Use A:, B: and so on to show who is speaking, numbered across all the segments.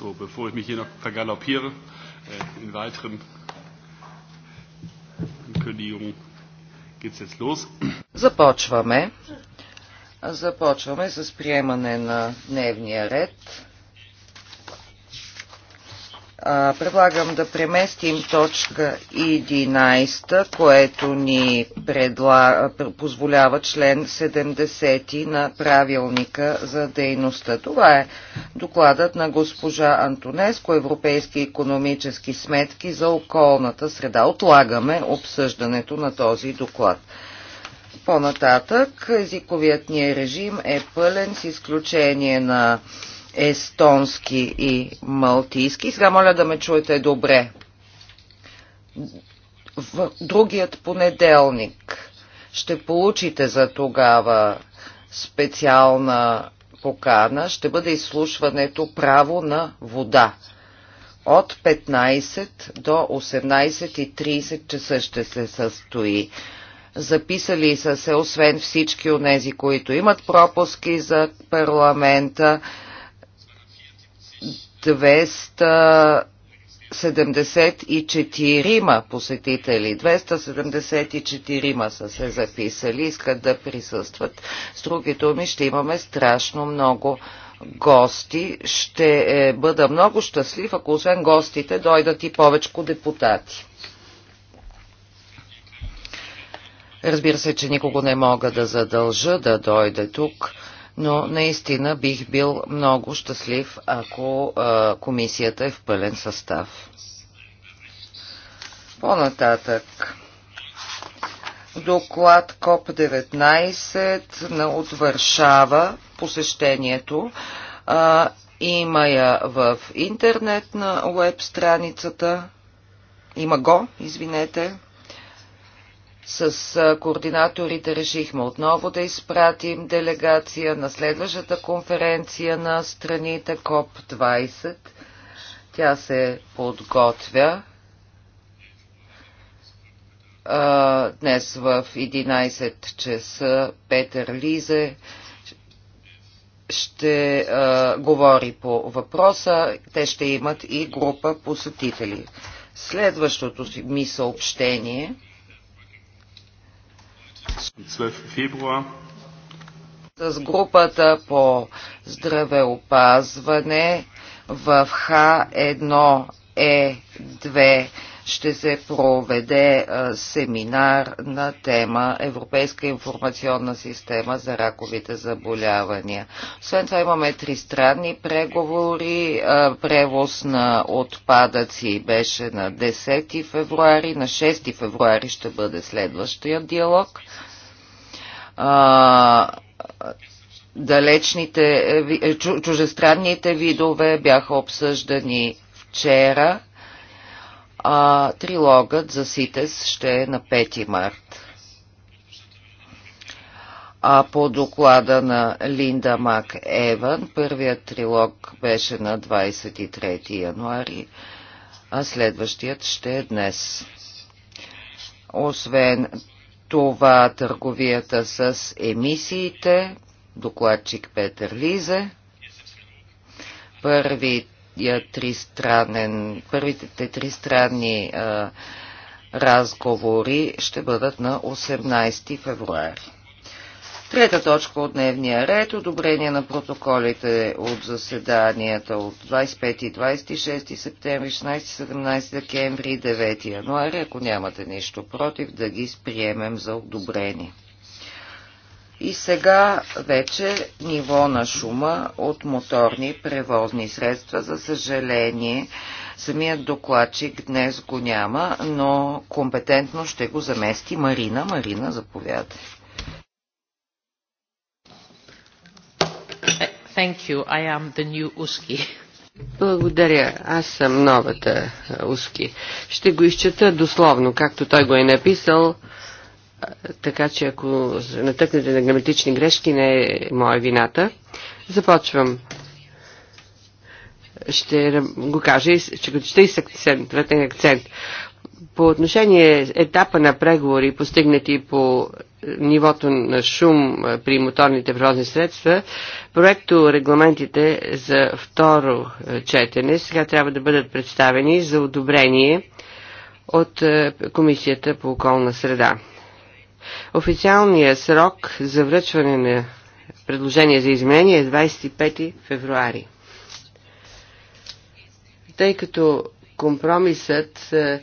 A: So, bevor ich mich hier noch vergaloppiere
B: äh, in weiteren Ankündigungen, geht es jetzt los. Започваме. Започваме с приемане на дневния ред предлагам да преместим точка 11, което ни предла... позволява член 70 на правилника за дейността. Това е докладът на госпожа Антонеско, Европейски економически сметки за околната среда. Отлагаме обсъждането на този доклад. По-нататък езиковият ни режим е пълен с изключение на естонски и малтийски. Сега моля да ме чуете добре. В другият понеделник ще получите за тогава специална покана. Ще бъде изслушването право на вода. От 15 до 18.30 часа ще се състои. Записали са се, освен всички от тези, които имат пропуски за парламента, 274 посетители, 274 са се записали, искат да присъстват. С други думи ще имаме страшно много гости. Ще е, бъда много щастлив, ако освен гостите дойдат и повече депутати. Разбира се, че никого не мога да задължа да дойде тук, но наистина бих бил много щастлив, ако а, комисията е в пълен състав. По-нататък. Доклад КОП-19 на отвършава посещението. А, има я в интернет на веб страницата. Има го, извинете. С координаторите решихме отново да изпратим делегация на следващата конференция на страните КОП-20. Тя се подготвя днес в 11 часа Петър Лизе ще а, говори по въпроса. Те ще имат и група посетители. Следващото ми съобщение – с групата по здравеопазване в Х1 Е2 ще се проведе семинар на тема Европейска информационна система за раковите заболявания. Освен това имаме тристранни преговори. Превоз на отпадъци беше на 10 февруари. На 6 февруари ще бъде следващия диалог далечните, чужестранните видове бяха обсъждани вчера а трилогът за СИТЕС ще е на 5 март. А по доклада на Линда Мак Еван, първият трилог беше на 23 януари, а следващият ще е днес. Освен това търговията с емисиите, докладчик Петър Лизе, първият първия тристранен, първите тристранни а, разговори ще бъдат на 18 февруари. Трета точка от дневния ред – одобрение на протоколите от заседанията от 25 и 26 септември, 16 17 декември и 9 януари. Ако нямате нищо против, да ги приемем за одобрение. И сега вече ниво на шума от моторни превозни средства, за съжаление, самият докладчик днес го няма, но компетентно ще го замести Марина. Марина,
C: заповядай. Thank you. I am the new Uski.
A: Благодаря. Аз съм новата Уски. Ще го изчета дословно, както той го е написал така че ако натъкнете на граматични грешки, не е моя вината. Започвам. Ще го кажа, ще го чета и с акцент, вратен акцент. По отношение етапа на преговори, постигнати по е, нивото на шум е, при моторните превозни средства, проекто регламентите за второ е, четене сега трябва да бъдат представени за одобрение от Комисията по околна среда. Официалният срок за връчване на предложение за изменение е 25 февруари. Тъй като компромисът е,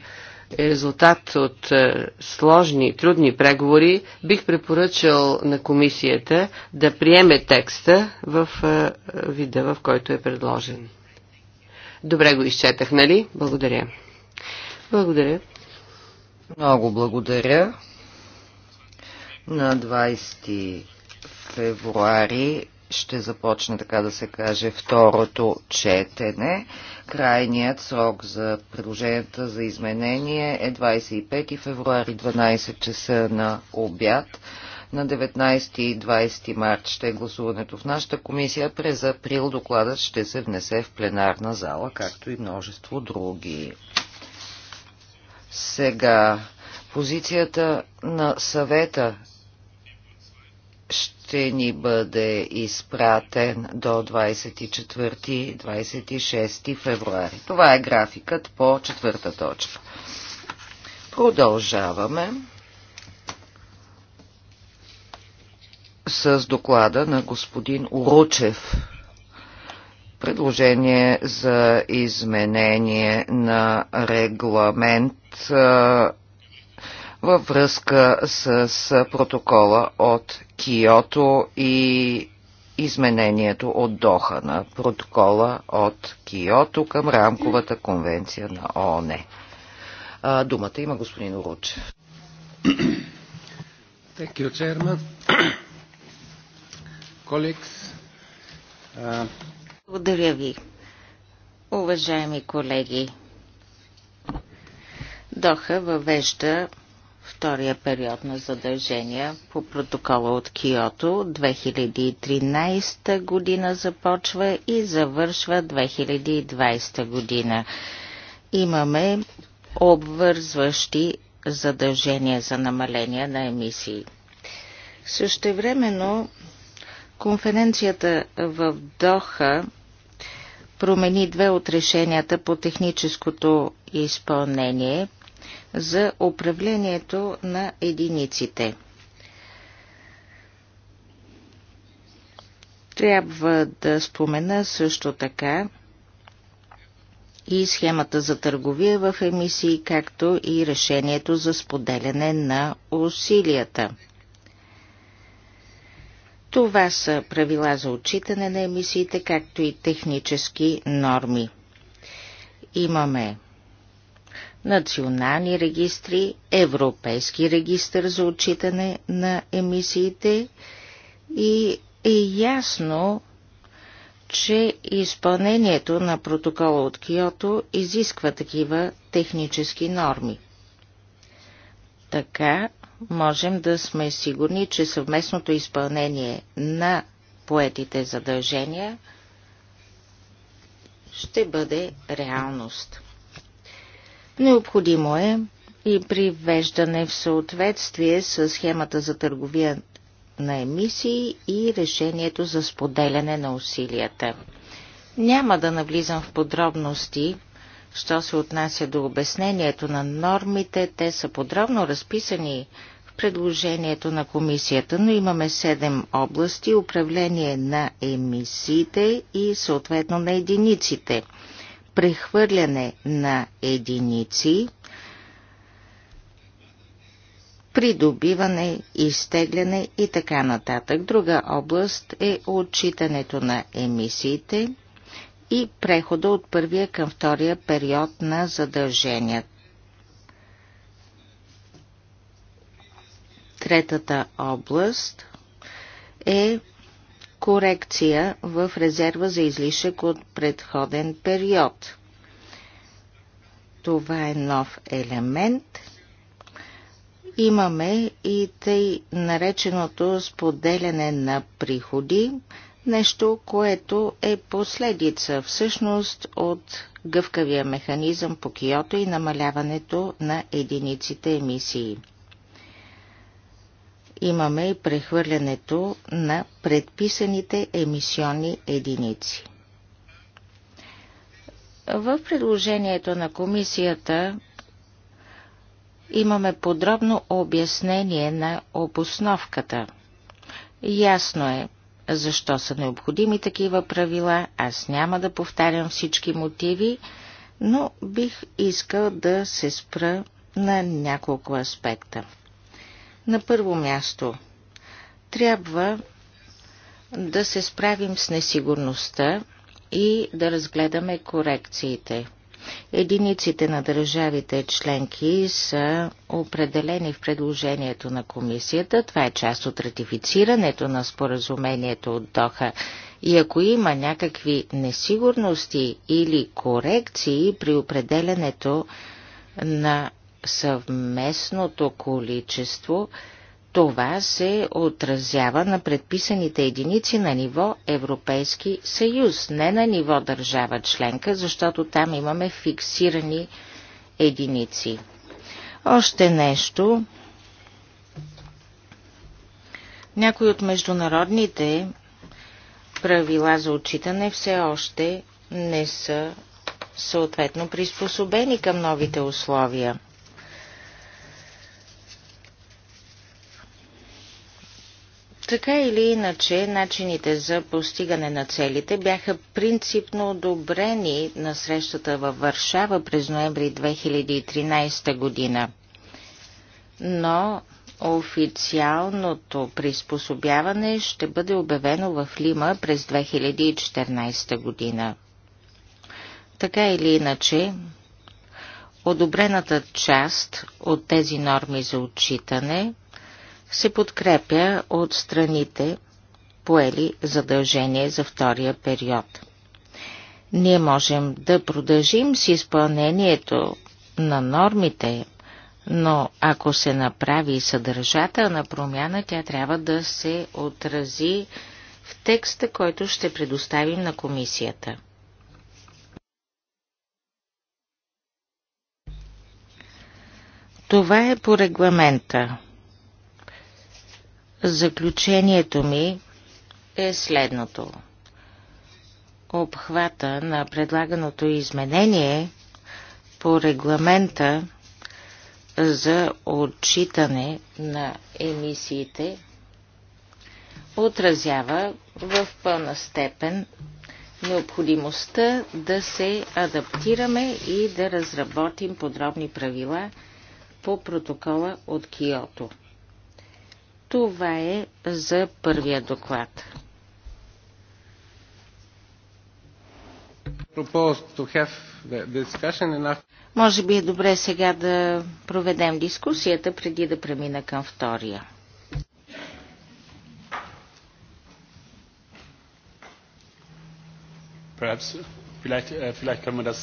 A: е резултат от е, сложни, трудни преговори, бих препоръчал на комисията да приеме текста в е, вида, в който е предложен. Добре го изчетах, нали? Благодаря. Благодаря.
B: Много благодаря. На 20 февруари ще започне, така да се каже, второто четене. Крайният срок за предложенията за изменение е 25 февруари 12 часа на обяд. На 19 и 20 март ще е гласуването в нашата комисия. През април докладът ще се внесе в пленарна зала, както и множество други. Сега, позицията на съвета ще ни бъде изпратен до 24-26 февруари. Това е графикът по четвърта точка. Продължаваме с доклада на господин Урочев. Предложение за изменение на регламент във връзка с протокола от Киото и изменението от Доха на протокола от Киото към рамковата конвенция на ООН. думата има господин Уруч.
C: Thank you, Chairman. Colleagues, Благодаря ви, уважаеми колеги. Доха въвежда втория период на задължения по протокола от Киото 2013 година започва и завършва 2020 година. Имаме обвързващи задължения за намаление на емисии. Същевременно конференцията в Доха промени две от решенията по техническото изпълнение – за управлението на единиците. Трябва да спомена също така и схемата за търговия в емисии, както и решението за споделяне на усилията. Това са правила за отчитане на емисиите, както и технически норми. Имаме национални регистри, европейски регистр за отчитане на емисиите и е ясно, че изпълнението на протокола от Киото изисква такива технически норми. Така можем да сме сигурни, че съвместното изпълнение на поетите задължения ще бъде реалност. Необходимо е и привеждане в съответствие с схемата за търговия на емисии и решението за споделяне на усилията. Няма да навлизам в подробности, що се отнася до обяснението на нормите. Те са подробно разписани в предложението на комисията, но имаме 7 области – управление на емисиите и съответно на единиците – прехвърляне на единици, придобиване, изтегляне и така нататък. Друга област е отчитането на емисиите и прехода от първия към втория период на задължения. Третата област е корекция в резерва за излишък от предходен период. Това е нов елемент. Имаме и тъй нареченото споделяне на приходи, нещо, което е последица всъщност от гъвкавия механизъм по Киото и намаляването на единиците емисии имаме и прехвърлянето на предписаните емисионни единици. В предложението на комисията имаме подробно обяснение на обосновката. Ясно е, защо са необходими такива правила, аз няма да повтарям всички мотиви, но бих искал да се спра на няколко аспекта. На първо място, трябва да се справим с несигурността и да разгледаме корекциите. Единиците на държавите членки са определени в предложението на комисията. Това е част от ратифицирането на споразумението от Доха. И ако има някакви несигурности или корекции при определенето на съвместното количество, това се отразява на предписаните единици на ниво Европейски съюз, не на ниво държава членка, защото там имаме фиксирани единици. Още нещо. Някои от международните правила за отчитане все още не са съответно приспособени към новите условия. Така или иначе, начините за постигане на целите бяха принципно одобрени на срещата във Варшава през ноември 2013 година. Но официалното приспособяване ще бъде обявено в Лима през 2014 година. Така или иначе, одобрената част от тези норми за отчитане – се подкрепя от страните, поели задължение за втория период. Ние можем да продължим с изпълнението на нормите, но ако се направи съдържателна промяна, тя трябва да се отрази в текста, който ще предоставим на комисията. Това е по регламента. Заключението ми е следното. Обхвата на предлаганото изменение по регламента за отчитане на емисиите отразява в пълна степен необходимостта да се адаптираме и да разработим подробни правила по протокола от Киото. Това е за първия доклад. Може би е добре сега да проведем дискусията, преди да премина към втория.
A: Perhaps, vielleicht, äh, vielleicht können wir das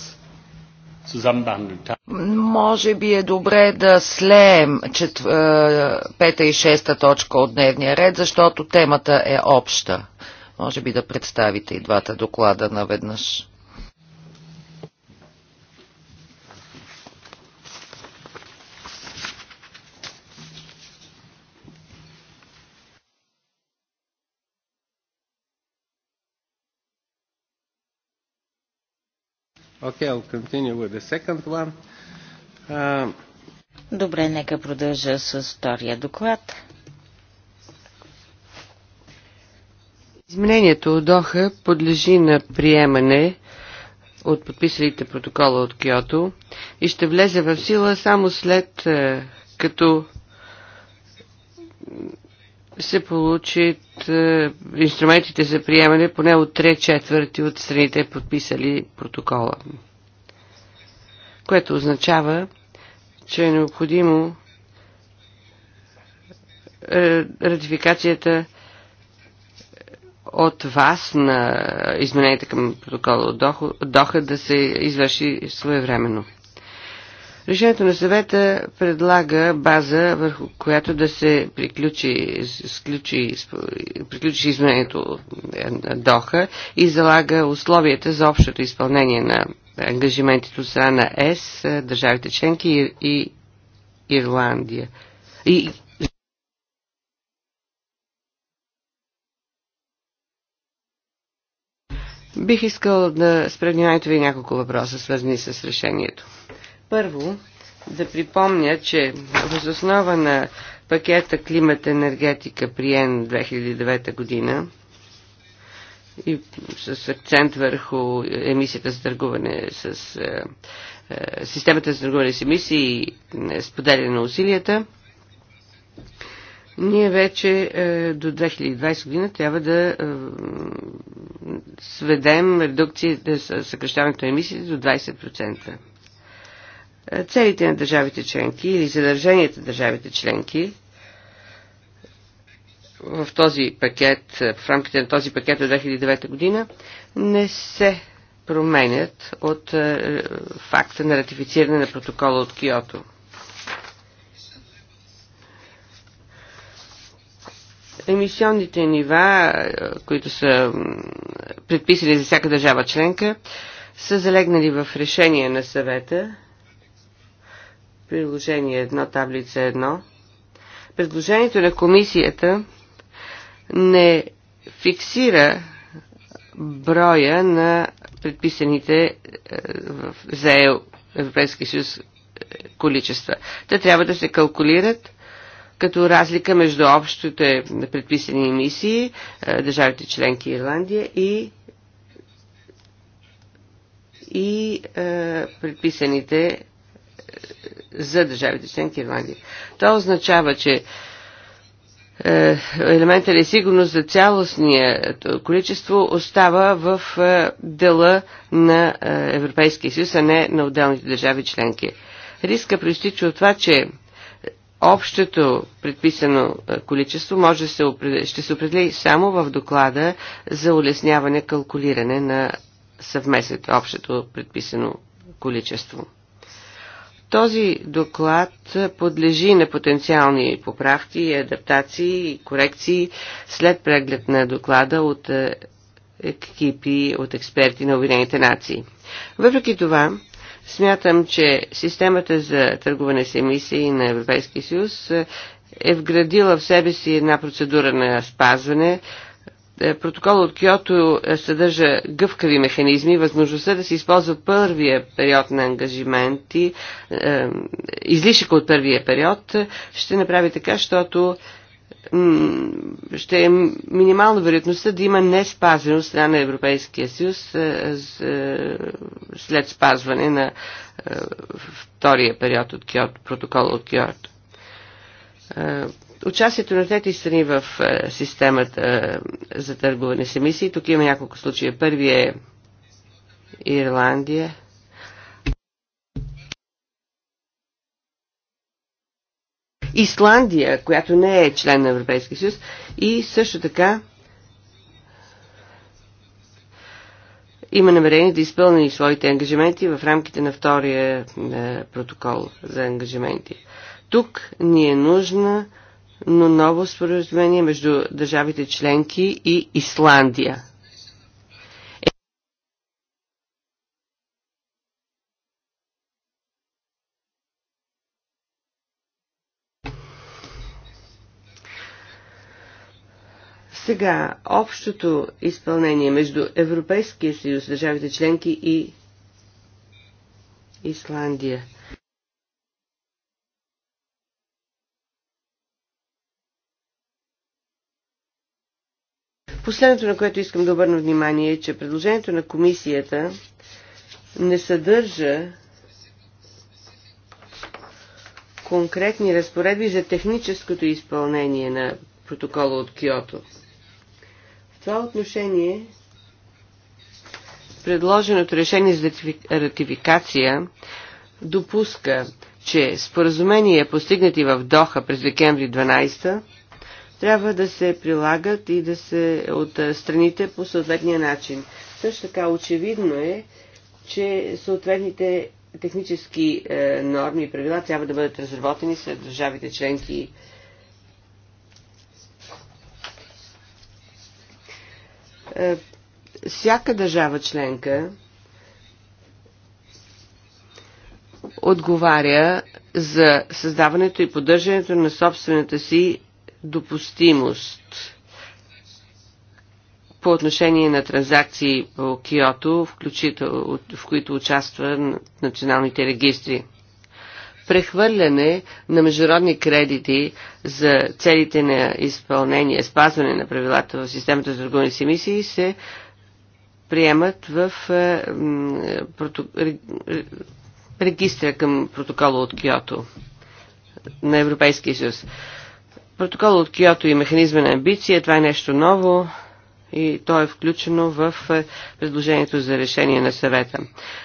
B: може би е добре да слеем е, пета и шеста точка от дневния ред, защото темата е обща. Може би да представите и двата доклада наведнъж.
C: Okay, I'll continue with the second one. Uh... Добре, нека продължа с втория доклад.
A: Изменението от Доха подлежи на приемане от подписалите протокола от Киото и ще влезе в сила само след е, като се получат е, инструментите за приемане поне от 3 четвърти от страните подписали протокола. Което означава, че е необходимо е, ратификацията от вас на измененията към протокола от Доха да се извърши своевременно. Решението на съвета предлага база, върху която да се приключи, сключи, приключи изменението на Доха и залага условията за общото изпълнение на ангажиментите от страна на ЕС, държавите членки и, и Ирландия. И, Бих искал да спре вниманието ви няколко въпроса, свързани с решението. Първо, да припомня, че възоснова на пакета Климат енергетика приен 2009 година и с акцент върху емисията за търгуване с е, е, системата за търгуване с емисии и е, споделяне на усилията, ние вече е, до 2020 година трябва да е, сведем редукцията, съкръщаването на емисиите до 20%. Е, целите на държавите членки или задържанията на държавите членки в този пакет, е, в рамките на този пакет от 2009 година, не се променят от е, факта на ратифициране на протокола от Киото. Емисионните нива, които са предписани за всяка държава членка, са залегнали в решение на съвета Приложение 1, таблица 1. Предложението на комисията не фиксира броя на предписаните е, в ЗЕО Европейския съюз е, количества. Те трябва да се калкулират като разлика между общите предписани емисии, е, държавите членки Ирландия и и е, предписаните за държавите членки Ирландия. Това означава, че е, елемента ли е сигурност за цялостния количество остава в е, дела на Европейския съюз, а не на отделните държави членки. Риска проистича от това, че общото предписано количество може се, ще се определи само в доклада за улесняване калкулиране на съвместното общото предписано количество. Този доклад подлежи на потенциални поправки, адаптации и корекции след преглед на доклада от е, екипи от експерти на Обединените нации. Въпреки това, смятам, че системата за търгуване с емисии на Европейския съюз е вградила в себе си една процедура на спазване, е, протокол от Киото е, съдържа гъвкави механизми, възможността да се използва първия период на ангажименти, е, излишък от първия период, ще направи така, защото ще е минимална вероятността да има не от страна на Европейския съюз след спазване на втория период от Киото, протокол от Киото Участието на трети страни в е, системата е, за търгуване с емисии. Тук има няколко случая. Първи е Ирландия. Исландия, която не е член на Европейския съюз и също така има намерение да изпълни своите ангажименти в рамките на втория е, протокол за ангажименти. Тук ни е нужна но ново споразумение между държавите членки и Исландия. Сега, общото изпълнение между Европейския съюз, държавите членки и Исландия. Последното, на което искам да обърна внимание е, че предложението на комисията не съдържа конкретни разпоредби за техническото изпълнение на протокола от Киото. В това отношение предложеното решение за ратификация допуска, че споразумения, постигнати в Доха през декември 12 трябва да се прилагат и да се от страните по съответния начин. Също така очевидно е, че съответните технически е, норми и правила трябва да бъдат разработени след държавите членки. Е, всяка държава членка отговаря за създаването и поддържането на собствената си допустимост по отношение на транзакции по Киото, в които участва националните регистри. Прехвърляне на международни кредити за целите на изпълнение, спазване на правилата в системата за търговия с емисии се приемат в е, регистра към протокола от Киото на Европейския съюз. Протокол от Киото и механизма на амбиция, това е нещо ново и то е включено в е, предложението за решение на съвета.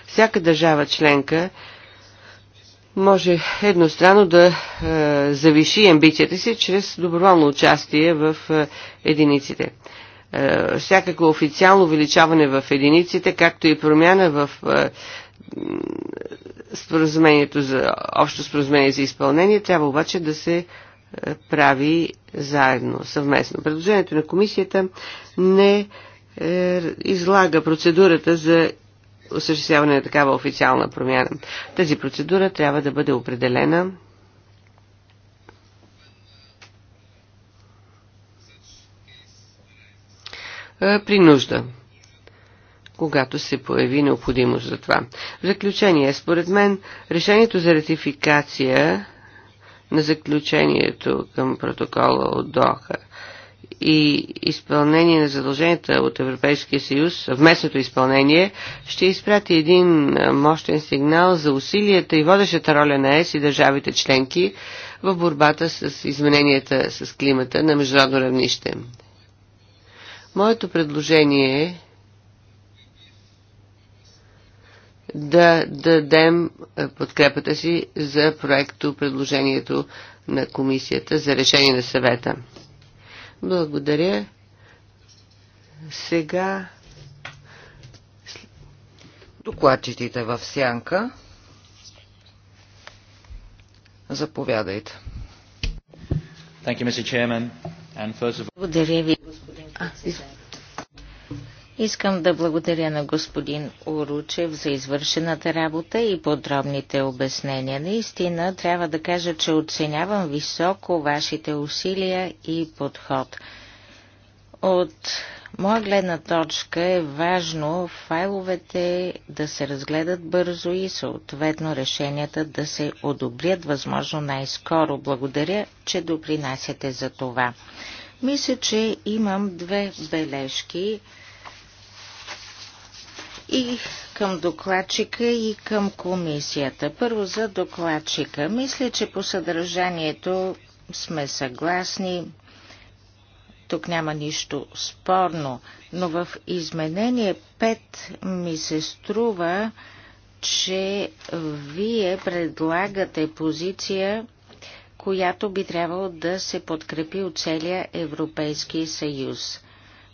A: Всяка държава членка може едностранно да е, завиши амбицията си чрез доброволно участие в е, единиците. Е, всякакво официално увеличаване в единиците, както и промяна в е, споразумението за общо споразумение за изпълнение, трябва обаче да се прави заедно, съвместно. Предложението на комисията не е, излага процедурата за осъществяване на такава официална промяна. Тази процедура трябва да бъде определена е, при нужда, когато се появи необходимост за това. В заключение, според мен, решението за ратификация на заключението към протокола от Доха и изпълнение на задълженията от Европейския съюз, съвместното изпълнение, ще изпрати един мощен сигнал за усилията и водещата роля на ЕС и държавите членки в борбата с измененията с климата на международно равнище. Моето предложение е да дадем е, подкрепата си за проекто предложението на комисията за решение на съвета. Благодаря. Сега
B: докладчетите в сянка. Заповядайте.
C: Благодаря ви, господин председател. Искам да благодаря на господин Оручев за извършената работа и подробните обяснения. Наистина трябва да кажа, че оценявам високо вашите усилия и подход. От моя гледна точка е важно файловете да се разгледат бързо и съответно решенията да се одобрят възможно най-скоро. Благодаря, че допринасяте за това. Мисля, че имам две бележки и към докладчика и към комисията. Първо за докладчика. Мисля, че по съдържанието сме съгласни. Тук няма нищо спорно, но в изменение 5 ми се струва, че вие предлагате позиция, която би трябвало да се подкрепи от целия Европейски съюз.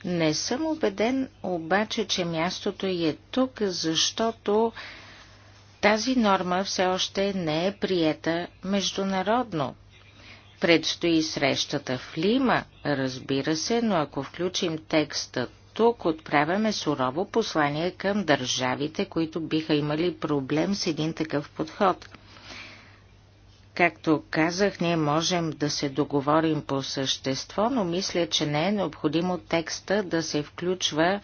C: Не съм убеден обаче, че мястото й е тук, защото тази норма все още не е приета международно. Предстои срещата в Лима, разбира се, но ако включим текста тук, отправяме сурово послание към държавите, които биха имали проблем с един такъв подход – Както казах, ние можем да се договорим по същество, но мисля, че не е необходимо текста да се включва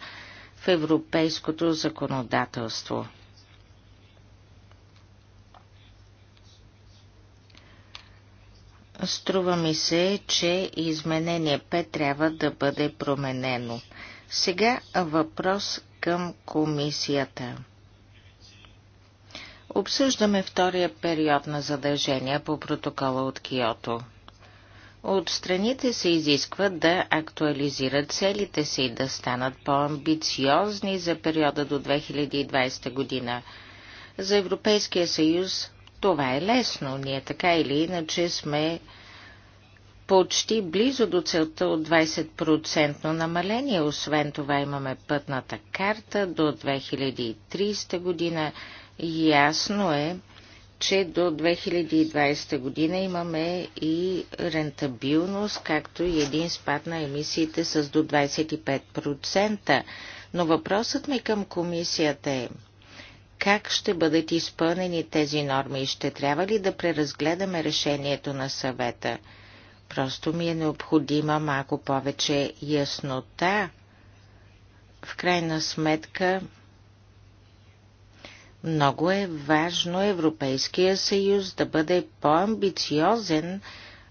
C: в европейското законодателство. Струва ми се, че изменение 5 трябва да бъде променено. Сега въпрос към комисията. Обсъждаме втория период на задължения по протокола от Киото. От страните се изисква да актуализират целите си и да станат по-амбициозни за периода до 2020 година. За Европейския съюз това е лесно. Ние така или иначе сме почти близо до целта от 20% намаление. Освен това имаме пътната карта до 2300 година Ясно е, че до 2020 година имаме и рентабилност, както и един спад на емисиите с до 25%. Но въпросът ми към комисията е как ще бъдат изпълнени тези норми и ще трябва ли да преразгледаме решението на съвета? Просто ми е необходима малко повече яснота. В крайна сметка много е важно Европейския съюз да бъде по-амбициозен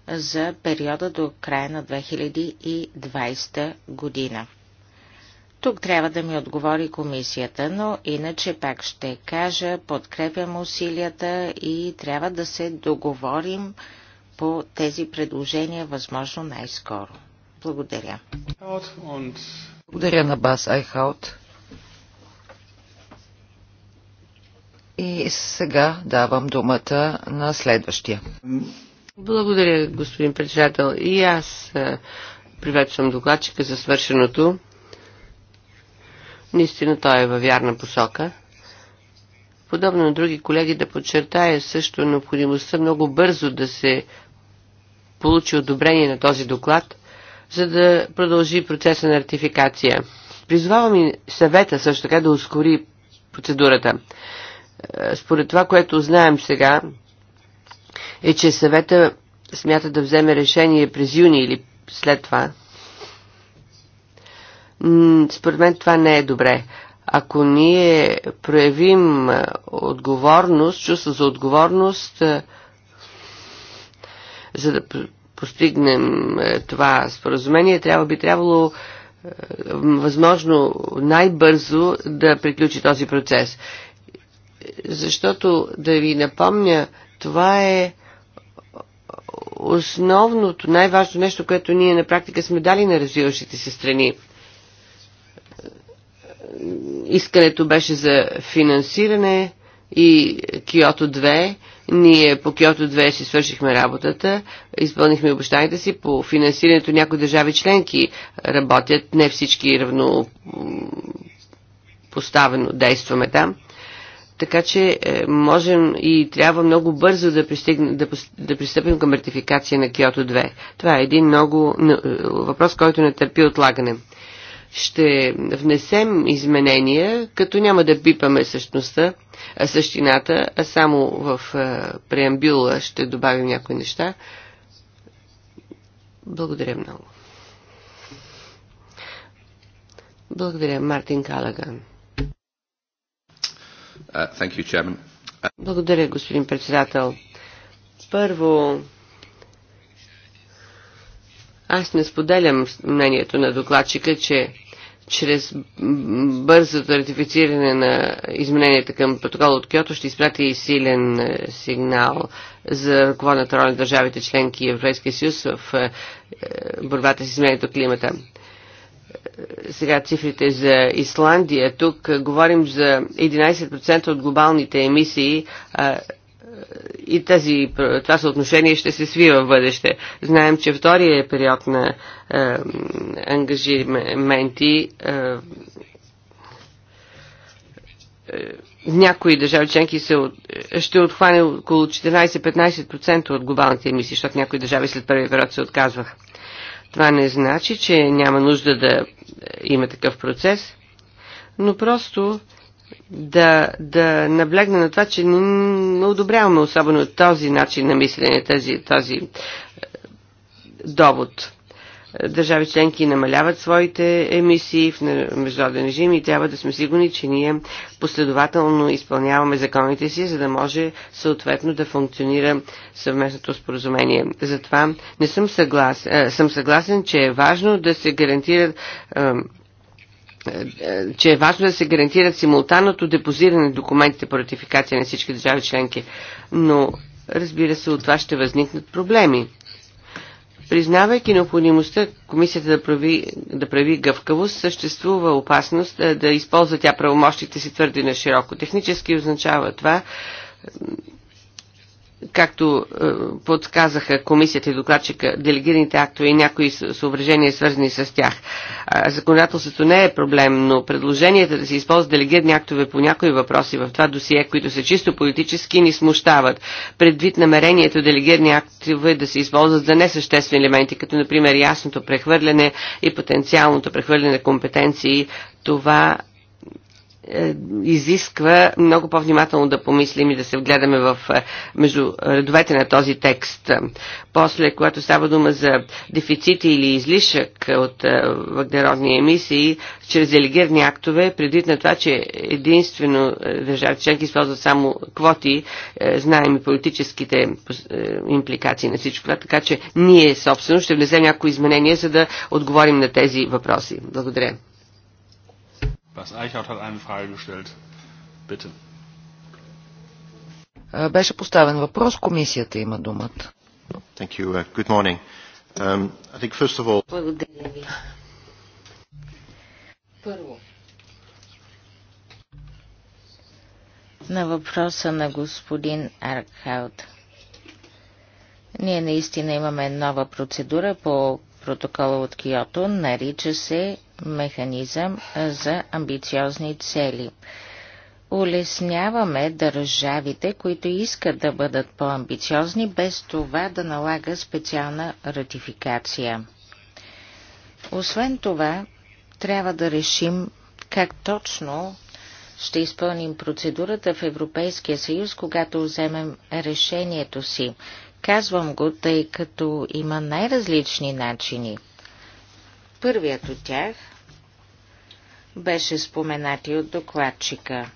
C: за периода до края на 2020 година. Тук трябва да ми отговори комисията, но иначе пак ще кажа, подкрепям усилията и трябва да се договорим по тези предложения възможно най-скоро. Благодаря.
B: Благодаря на Бас Айхаут. И сега давам думата на следващия.
A: Благодаря, господин председател. И аз приветствам докладчика за свършеното. Наистина той е във вярна посока. Подобно на други колеги да подчертая също необходимостта много бързо да се получи одобрение на този доклад, за да продължи процеса на ратификация. Призвавам и съвета също така да ускори процедурата. Е, според това, което знаем сега, е, че съвета смята да вземе решение през юни или след това. Според мен това не е добре. Ако ние проявим е, отговорност, чувство за отговорност, е, за да постигнем това споразумение, трябва би трябвало възможно най-бързо да приключи този процес защото да ви напомня, това е основното, най-важно нещо, което ние на практика сме дали на развиващите се страни. Искането беше за финансиране и Киото 2. Ние по Киото 2 си свършихме работата, изпълнихме обещанията си по финансирането. Някои държави членки работят, не всички равно поставено действаме там. Да? Така че е, можем и трябва много бързо да, пристигне, да, да пристъпим към ратификация на Киото 2. Това е един много е, въпрос, който не търпи отлагане. Ще внесем изменения, като няма да пипаме същността, същината, а само в е, преамбюла ще добавим някои неща. Благодаря много. Благодаря, Мартин Калаган. Uh, uh, Благодаря, господин председател. Първо, аз не споделям мнението на докладчика, че чрез бързото ратифициране на измененията към протокола от Киото ще изпрати и силен е, сигнал за ръководната роля на държавите членки и Европейския съюз в е, е, борбата с изменението климата сега цифрите за Исландия. Тук говорим за 11% от глобалните емисии а, и тази, това съотношение ще се свива в бъдеще. Знаем, че втория период на а, ангажименти а, някои държави членки се от, ще отхване около 14-15% от глобалните емисии, защото някои държави след първия период се отказваха. Това не значи, че няма нужда да има такъв процес, но просто да, да наблегна на това, че не одобряваме особено този начин на мислене, тази, този е, довод държави членки намаляват своите емисии в международен режим и трябва да сме сигурни, че ние последователно изпълняваме законите си, за да може съответно да функционира съвместното споразумение. Затова не съм съгласен, съм съгласен, че е важно да се гарантират е, е, че е важно да се гарантират симултанното депозиране на документите по ратификация на всички държави членки. Но, разбира се, от това ще възникнат проблеми Признавайки необходимостта комисията да прави, да прави гъвкавост, съществува опасност да, е, да използва тя правомощите си твърде на широко. Технически означава това както е, подказаха комисията и докладчика, делегираните актове и някои съображения свързани с тях. Законодателството не е проблем, но предложенията да се използват делегирани актове по някои въпроси в това досие, които са чисто политически, ни смущават. Предвид намерението делегирани актове да се използват за несъществени елементи, като например ясното прехвърляне и потенциалното прехвърляне на компетенции, това е, изисква много по-внимателно да помислим и да се вгледаме в е, между редовете на този текст. После, когато става дума за дефицити или излишък от е, въглеродни емисии, чрез делегирани актове, предвид на това, че единствено държавите членки използват само квоти, знаем и политическите импликации на всичко това, така че ние собствено ще внесем някои изменения, за да отговорим на тези въпроси. Благодаря.
C: Бас Айхаут hat eine Frage gestellt. Bitte.
B: Е, беше поставен въпрос. Комисията има думата. Thank you. Uh, good morning. Um, I think first of all... Благодаря
C: ви. Първо. На въпроса на господин Аркхаут. Ние наистина имаме нова процедура по протокола от Киото, нарича се механизъм за амбициозни цели. Улесняваме държавите, които искат да бъдат по-амбициозни, без това да налага специална ратификация. Освен това, трябва да решим как точно ще изпълним процедурата в Европейския съюз, когато вземем решението си. Казвам го, тъй като има най-различни начини. Първият от тях беше споменати от докладчика.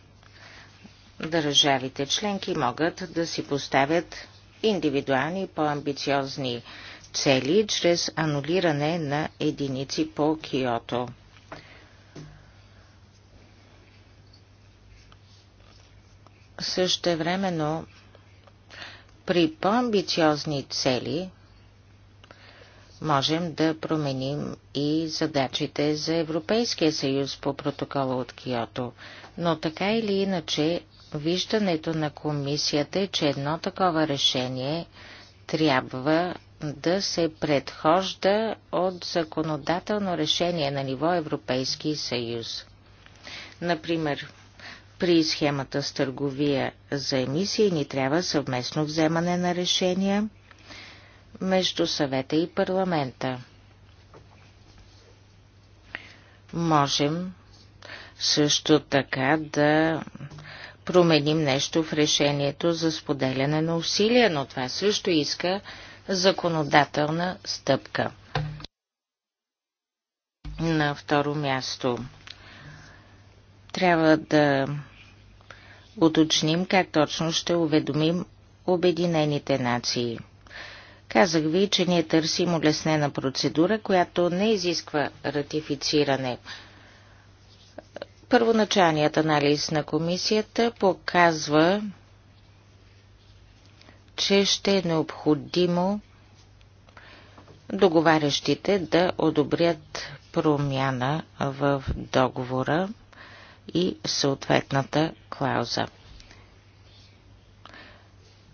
C: Държавите членки могат да си поставят индивидуални по-амбициозни цели чрез анулиране на единици по Киото. Също времено при по-амбициозни цели можем да променим и задачите за Европейския съюз по протокола от Киото, но така или иначе виждането на комисията е, че едно такова решение трябва да се предхожда от законодателно решение на ниво Европейски съюз. Например, при схемата с търговия за емисии ни трябва съвместно вземане на решения между съвета и парламента. Можем също така да променим нещо в решението за споделяне на усилия, но това също иска законодателна стъпка. На второ място трябва да уточним как точно ще уведомим Обединените нации. Казах ви, че ние търсим улеснена процедура, която не изисква ратифициране. Първоначалният анализ на комисията показва, че ще е необходимо договарящите да одобрят промяна в договора и съответната клауза.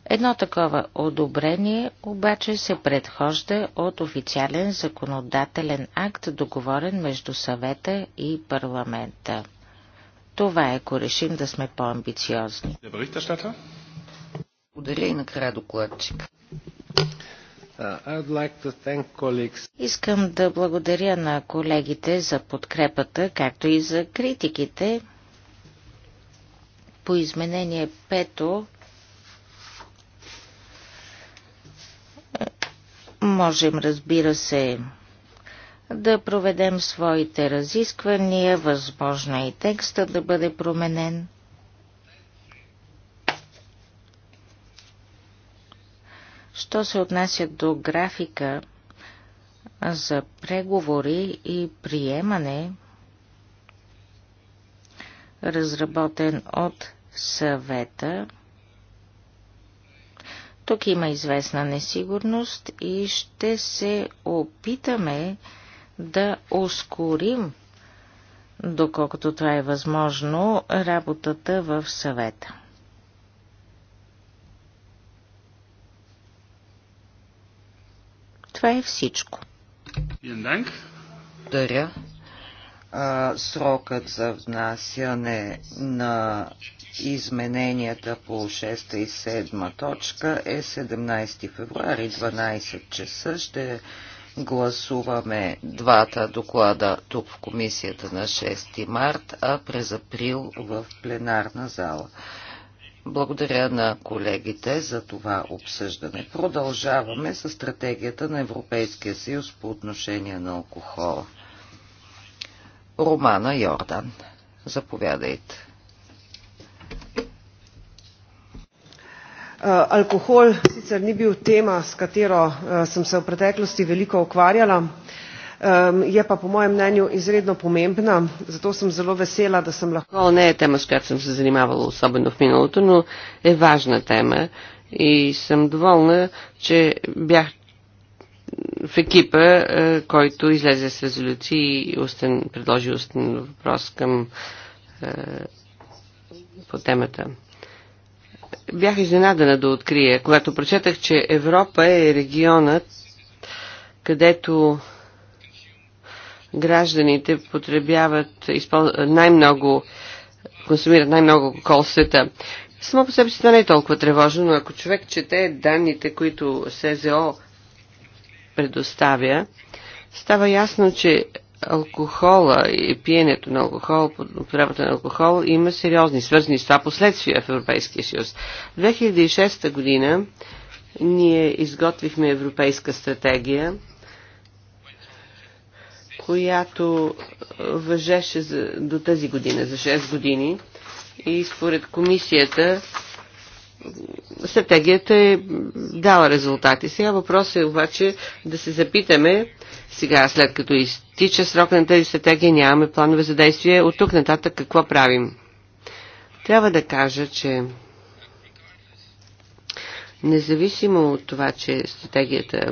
C: Едно такова одобрение обаче се предхожда от официален законодателен акт, договорен между съвета и парламента. Това е, ако решим да сме по-амбициозни. Благодаря и накрая докладчик. Искам да благодаря на колегите за подкрепата, както и за критиките. По изменение пето можем, разбира се, да проведем своите разисквания, възможно е и текста да бъде променен – Що се отнася до графика за преговори и приемане, разработен от съвета, тук има известна несигурност и ще се опитаме да ускорим, доколкото това е възможно, работата в съвета. това е всичко.
B: Благодаря. Срокът за внасяне на измененията по 6 и 7 точка е 17 февруари 12 часа. Ще гласуваме двата доклада тук в комисията на 6 март, а през април в пленарна зала. Благодаря на колегите за това обсъждане. Продължаваме с стратегията на Европейския съюз по отношение на алкохола. Романа Йордан. Заповядайте. Е, алкохол, sicer
A: ni bil tema, s katero sem se v preteklosti veliko ukvarjala, je pa po mojem mnenju izredno pomembna, zato sem zelo vesela, da sem lahko. Не е тема, с която съм се занимавала особено в миналото, но е важна тема и съм доволна, че бях в екипа, който излезе с резолюции и устен, предложи устен въпрос към по темата. Бях изненадана да открия, когато прочетах, че Европа е регионът, където гражданите потребяват най-много, консумират най-много кол в света. Само по себе си това не е толкова тревожно, но ако човек чете данните, които СЗО предоставя, става ясно, че алкохола и пиенето на алкохол, употребата на алкохол има сериозни, свързани с това последствия в Европейския съюз. В 2006 година ние изготвихме европейска стратегия която е, въжеше за, до тази година, за 6 години. И според комисията стратегията е дала резултати. Сега въпросът е обаче да се запитаме, сега след като изтича срока на тази стратегия, нямаме планове за действие, от тук нататък какво правим? Трябва да кажа, че независимо от това, че стратегията е,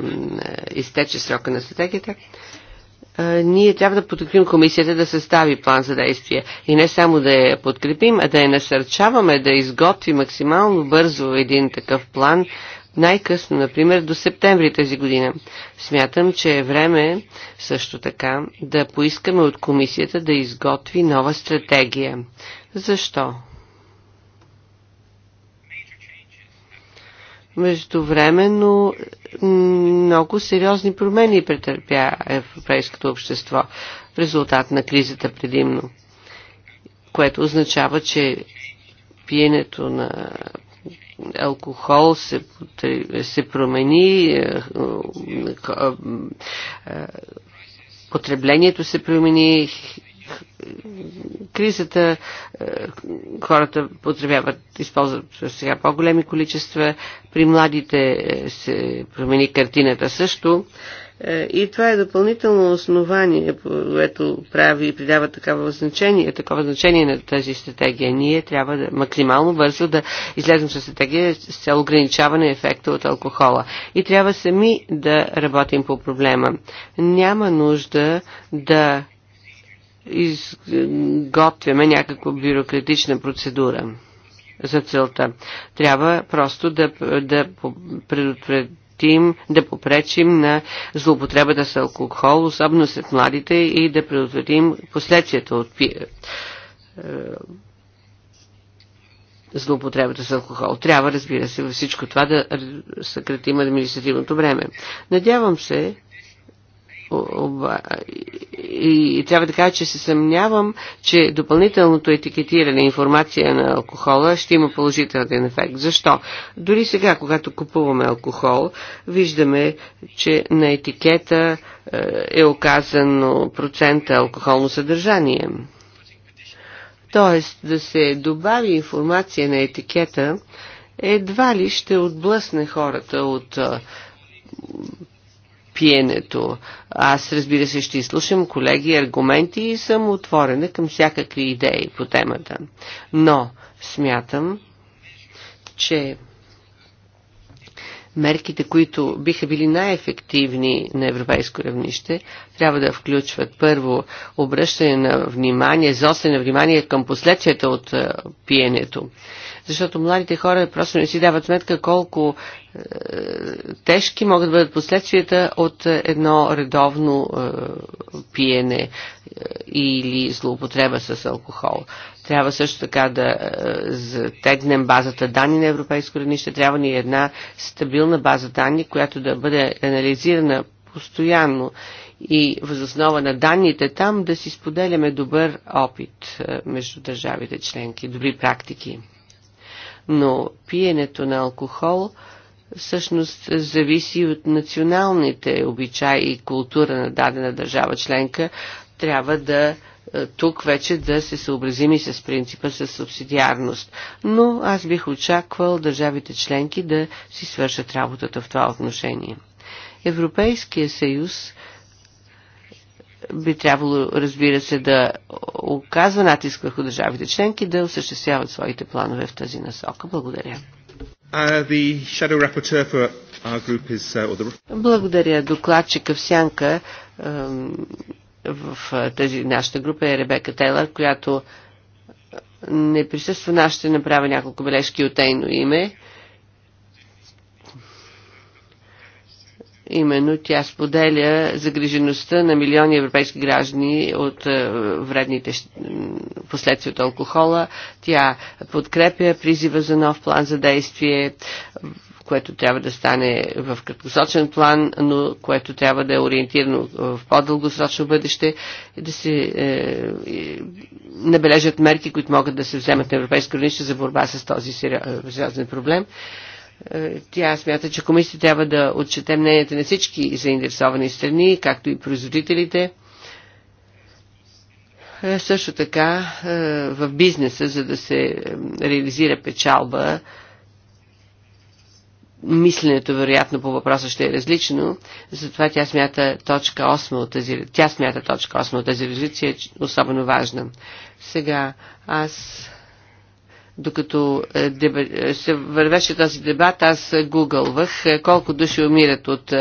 A: изтече срока на стратегията, ние трябва да подкрепим комисията да състави план за действие. И не само да я подкрепим, а да я насърчаваме да изготви максимално бързо един такъв план, най-късно, например, до септември тази година. Смятам, че е време също така да поискаме от комисията да изготви нова стратегия. Защо? Междувременно много сериозни промени претърпя европейското общество в резултат на кризата предимно, което означава, че пиенето на алкохол се, се промени, е, е, е, потреблението се промени, кризата е, хората потребяват, използват сега по-големи количества, при младите е, се промени картината също. Е, и това е допълнително основание, което прави и придава такава значение, такова значение на тази стратегия. Ние трябва да, максимално бързо да излезем с стратегия с цел ограничаване ефекта от алкохола. И трябва сами да работим по проблема. Няма нужда да изготвяме някаква бюрократична процедура за целта. Трябва просто да, да предотвратим, да попречим на злоупотребата с алкохол, особено след младите, и да предотвратим последствията от пи... Е, злоупотребата с алкохол. Трябва, разбира се, във всичко това да съкратим административното време. Надявам се, и трябва да кажа, че се съмнявам, че допълнителното етикетиране информация на алкохола ще има положителен ефект. Защо? Дори сега, когато купуваме алкохол, виждаме, че на етикета е, е оказано процента алкохолно съдържание. Тоест да се добави информация на етикета едва ли ще отблъсне хората от е, пиенето. Аз разбира се ще изслушам колеги аргументи и съм отворена към всякакви идеи по темата. Но смятам, че мерките, които биха били най-ефективни на европейско равнище, трябва да включват първо обръщане на внимание, заостряне на внимание към последствията от пиенето защото младите хора просто не си дават сметка колко е, тежки могат да бъдат последствията от едно редовно е, пиене е, или злоупотреба с алкохол. Трябва също така да е, затегнем базата данни на европейско равнище. Трябва ни една стабилна база данни, която да бъде анализирана постоянно и възоснова на данните там да си споделяме добър опит е, между държавите членки, добри практики но пиенето на алкохол всъщност зависи от националните обичаи и култура на дадена държава членка. Трябва да е, тук вече да се съобразим и с принципа със субсидиарност. Но аз бих очаквал държавите членки да си свършат работата в това отношение. Европейския съюз би трябвало, разбира се, да оказва натиск върху държавите членки да осъществяват своите планове в тази насока. Благодаря. Uh,
C: uh,
A: Благодаря. Докладчика в сянка в тази нашата група е Ребека Тейлър, която не присъства. нашите ще направя няколко бележки от тейно име. Именно тя споделя загрижеността на милиони европейски граждани от е, вредните последствия от алкохола. Тя подкрепя призива за нов план за действие, което трябва да стане в краткосрочен план, но което трябва да е ориентирано в по-дългосрочно бъдеще и да се е, е, набележат мерки, които могат да се вземат на европейско равнище за борба с този сериозен проблем. Е, тя смята, че комисията трябва да отчете мненията на всички заинтересовани страни, както и производителите. Е, също така е, в бизнеса, за да се реализира печалба, мисленето вероятно по въпроса ще е различно, затова тя смята точка 8 от тази, тя смята точка 8 от тази резолюция е особено важна. Сега аз докато е, е, се вървеше този дебат, аз гугълвах е, колко души умират от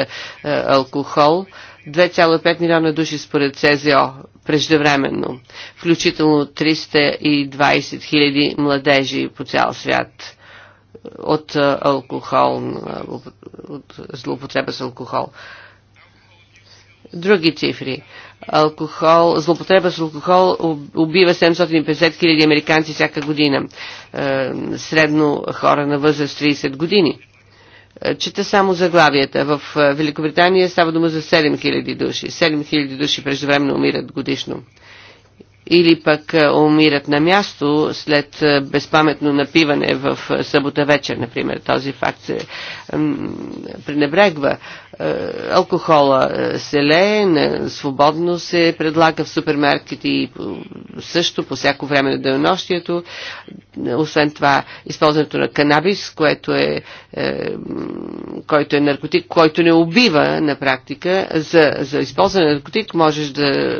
A: алкохол. 2,5 милиона души според СЗО преждевременно, включително 320 хиляди младежи по цял свят от алкохол, от злоупотреба с алкохол. Други цифри. Алкохол, злопотреба с алкохол убива 750 хиляди американци всяка година. Е, средно хора на възраст 30 години. Е, чета само заглавията. В е, Великобритания става дума за 7 000 души. 7 000 души преждевременно умират годишно. Или пък умират на място след безпаметно напиване в събота вечер, например. Този факт се пренебрегва. Е, алкохола е, се лее, свободно се предлага в супермаркети и също по всяко време на денонощието. Освен това, използването на канабис, което е, е, който е наркотик, който не убива на практика. За, за използване на наркотик можеш да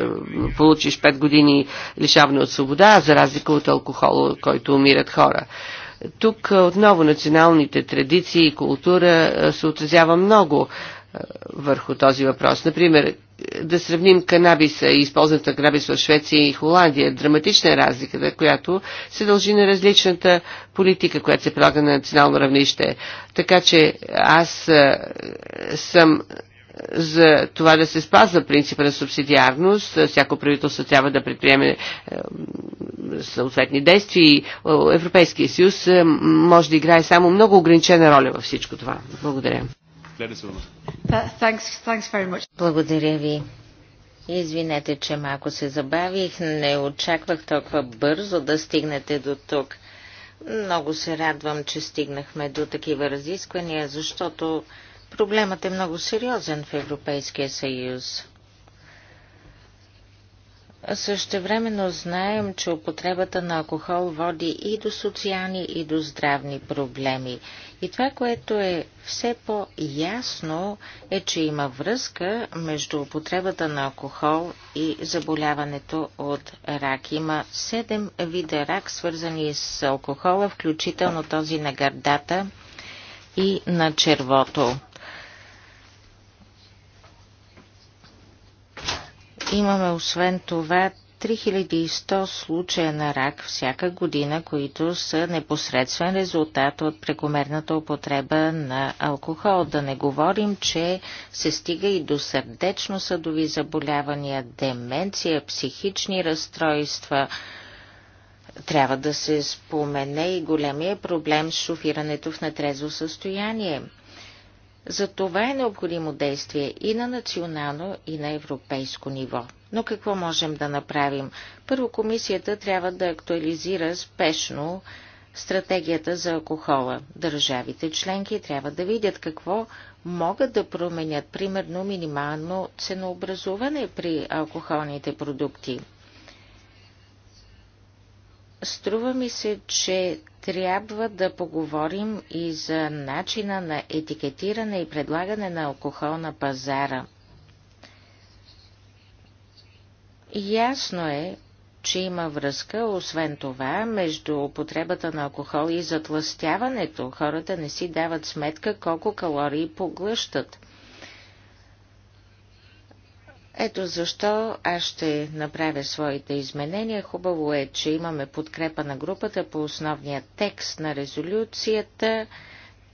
A: получиш 5 години лишаване от свобода, за разлика от алкохола, който умират хора. Тук е, отново националните традиции и култура се отразява много върху този въпрос. Например, да сравним канабиса и използването канабиса канабис в Швеция и Холандия. Драматична е разликата, която се дължи на различната политика, която се прилага на национално равнище. Така че аз съм за това да се спазва принципа на субсидиарност. Всяко правителство трябва да предприеме съответни действия и Европейския съюз може да играе само много ограничена роля във всичко това. Благодаря.
C: Благодаря ви. Извинете, че малко се забавих. Не очаквах толкова бързо да стигнете до тук. Много се радвам, че стигнахме до такива разисквания, защото проблемът е много сериозен в Европейския съюз. Същевременно знаем, че употребата на алкохол води и до социални, и до здравни проблеми. И това, което е все по-ясно, е, че има връзка между употребата на алкохол и заболяването от рак. Има седем вида рак, свързани с алкохола, включително този на гърдата и на червото. Имаме освен това 3100 случая на рак всяка година, които са непосредствен резултат от прекомерната употреба на алкохол. Да не говорим, че се стига и до сърдечно-съдови заболявания, деменция, психични разстройства. Трябва да се спомене и големия проблем с шофирането в нетрезво състояние – за това е необходимо действие и на национално, и на европейско ниво. Но какво можем да направим? Първо комисията трябва да актуализира спешно стратегията за алкохола. Държавите членки трябва да видят какво могат да променят, примерно минимално ценообразуване при алкохолните продукти. Струва ми се, че трябва да поговорим и за начина на етикетиране и предлагане на алкохол на пазара. Ясно е, че има връзка, освен това, между употребата на алкохол и затластяването. Хората не си дават сметка колко калории поглъщат – ето защо аз ще направя своите изменения. Хубаво е, че имаме подкрепа на групата по основния текст на резолюцията.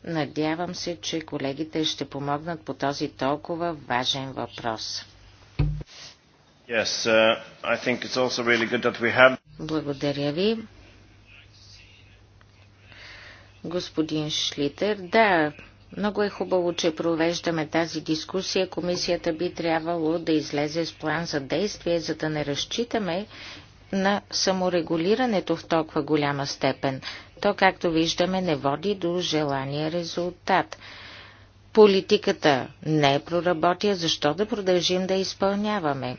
C: Надявам се, че колегите ще помогнат по този толкова важен въпрос. Yes, uh, I think it's also really good that we have... Благодаря ви. Господин Шлитер, да, много е хубаво, че провеждаме тази дискусия. Комисията би трябвало да излезе с план за действие, за да не разчитаме на саморегулирането в толкова голяма степен. То, както виждаме, не води до желания резултат. Политиката не е проработя, защо да продължим да изпълняваме?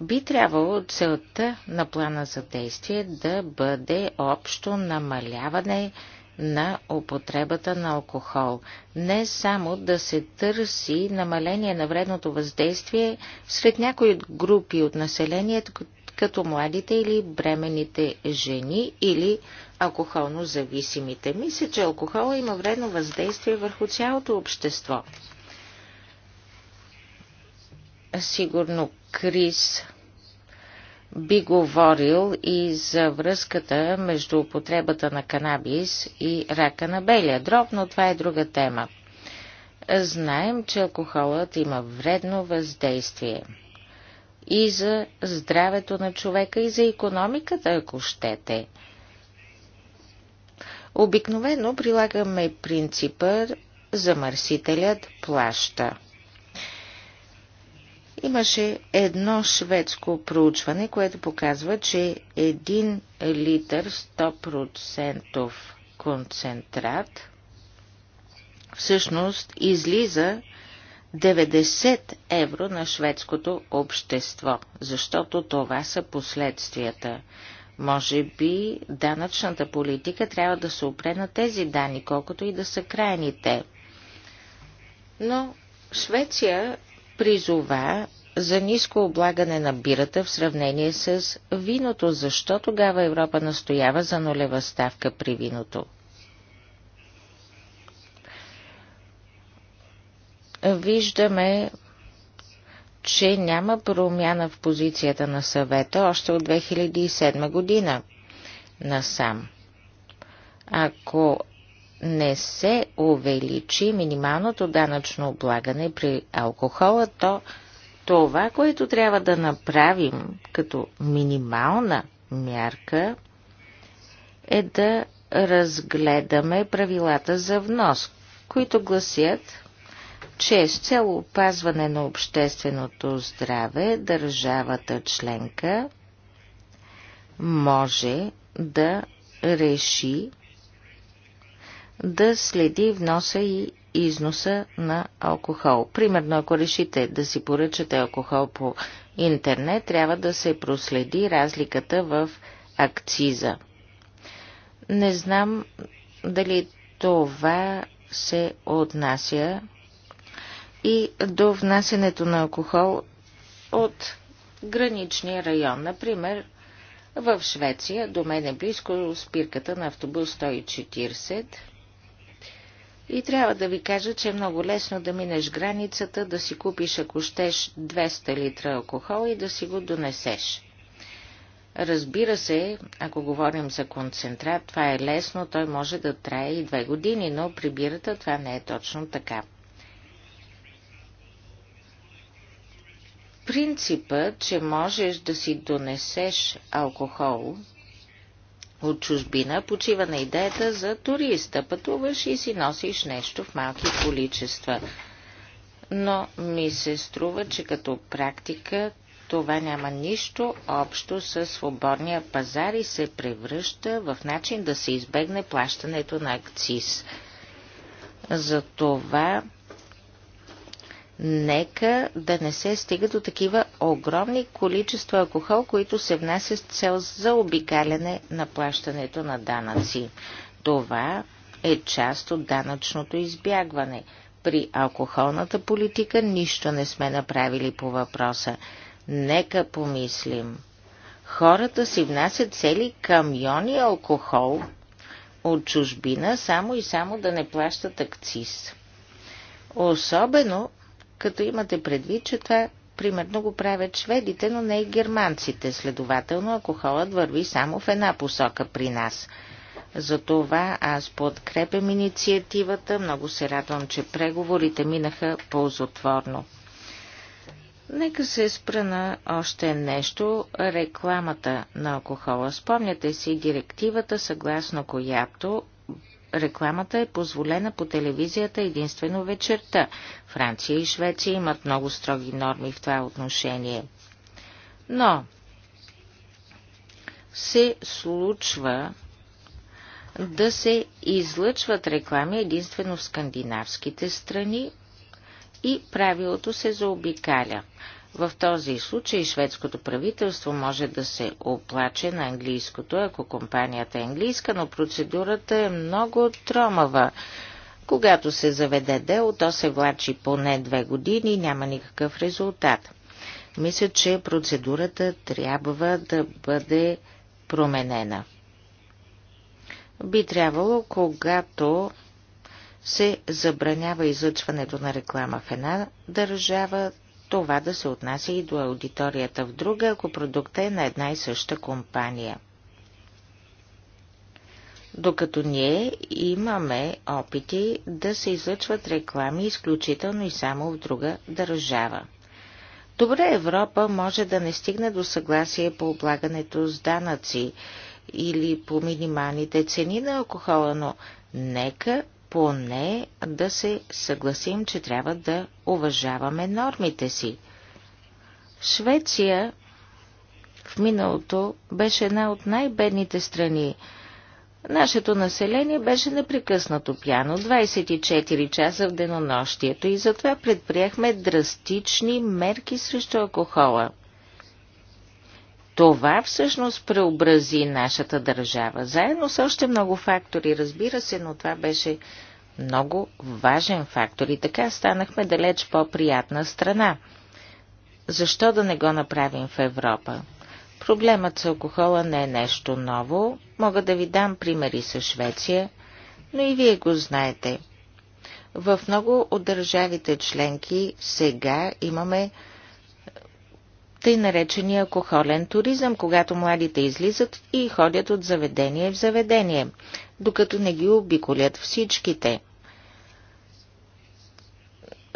C: Би трябвало целта на плана за действие да бъде общо намаляване на на употребата на алкохол. Не само да се търси намаление на вредното въздействие сред някои групи от населението, като младите или бременните жени или алкохолно зависимите. Мисля, че алкохол има вредно въздействие върху цялото общество. Сигурно Крис би говорил и за връзката между употребата на канабис и рака на белия дроб, но това е друга тема. Знаем, че алкохолът има вредно въздействие и за здравето на човека, и за економиката, ако щете. Обикновено прилагаме принципа замърсителят плаща. Имаше едно шведско проучване, което показва, че един литър 100% концентрат всъщност излиза 90 евро на шведското общество, защото това са последствията. Може би данъчната политика трябва да се опре на тези данни, колкото и да са крайните. Но Швеция призова за ниско облагане на бирата в сравнение с виното. Защо тогава Европа настоява за нулева ставка при виното? Виждаме, че няма промяна в позицията на съвета още от 2007 година насам. Ако не се увеличи минималното данъчно облагане при алкохола, то това, което трябва да направим като минимална мярка, е да разгледаме правилата за внос, които гласят, че с цел опазване на общественото здраве държавата членка може да реши да следи вноса и износа на алкохол. Примерно, ако решите да си поръчате алкохол по интернет, трябва да се проследи разликата в акциза. Не знам дали това се отнася и до внасянето на алкохол от граничния район. Например, в Швеция, до мен е близко спирката на автобус 140, и трябва да ви кажа, че е много лесно да минеш границата, да си купиш, ако щеш, 200 литра алкохол и да си го донесеш. Разбира се, ако говорим за концентрат, това е лесно, той може да трае и две години, но при бирата това не е точно така. Принципът, че можеш да си донесеш алкохол от чужбина почива на идеята за туриста. Пътуваш и си носиш нещо в малки количества. Но ми се струва, че като практика това няма нищо общо с свободния пазар и се превръща в начин да се избегне плащането на акциз. Затова това нека да не се стига до такива огромни количества алкохол, които се внася с цел за обикаляне на плащането на данъци. Това е част от данъчното избягване. При алкохолната политика нищо не сме направили по въпроса. Нека помислим. Хората си внасят цели камиони алкохол от чужбина, само и само да не плащат акциз. Особено като имате предвид, че това примерно го правят шведите, но не и германците. Следователно, алкохолът върви само в една посока при нас. Затова аз подкрепям инициативата. Много се радвам, че преговорите минаха ползотворно. Нека се спра на още нещо – рекламата на алкохола. Спомняте си директивата, съгласно която рекламата е позволена по телевизията единствено вечерта. Франция и Швеция имат много строги норми в това отношение. Но се случва да се излъчват реклами единствено в скандинавските страни и правилото се заобикаля. В този случай шведското правителство може да се оплаче на английското, ако компанията е английска, но процедурата е много тромава. Когато се заведе дело, то се влачи поне две години и няма никакъв резултат. Мисля, че процедурата трябва да бъде променена. Би трябвало, когато се забранява излъчването на реклама в една държава, това да се отнася и до аудиторията в друга, ако продукта е на една и съща компания. Докато ние имаме опити да се излъчват реклами изключително и само в друга държава. Добре, Европа може да не стигне до съгласие по облагането с данъци или по минималните цени на алкохола, но нека поне да се съгласим, че трябва да уважаваме нормите си. Швеция в миналото беше една от най-бедните страни. Нашето население беше непрекъснато пяно 24 часа в денонощието и затова предприехме драстични мерки срещу алкохола. Това всъщност преобрази нашата държава. Заедно с още много фактори, разбира се, но това беше много важен фактор и така станахме далеч по-приятна страна. Защо да не го направим в Европа? Проблемът с алкохола не е нещо ново. Мога да ви дам примери с Швеция, но и вие го знаете. В много от държавите членки сега имаме тъй наречения алкохолен туризъм, когато младите излизат и ходят от заведение в заведение, докато не ги обиколят всичките.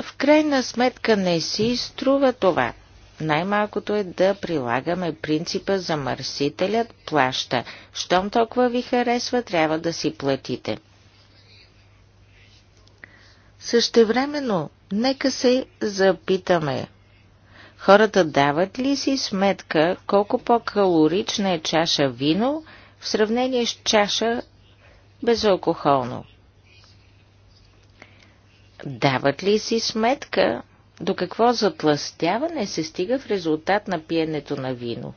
C: В крайна сметка не си струва това. Най-малкото е да прилагаме принципа за мърсителят, плаща. Щом толкова ви харесва, трябва да си платите. Същевременно, нека се запитаме, Хората дават ли си сметка колко по-калорична е чаша вино в сравнение с чаша безалкохолно? Дават ли си сметка до какво затластяване се стига в резултат на пиенето на вино?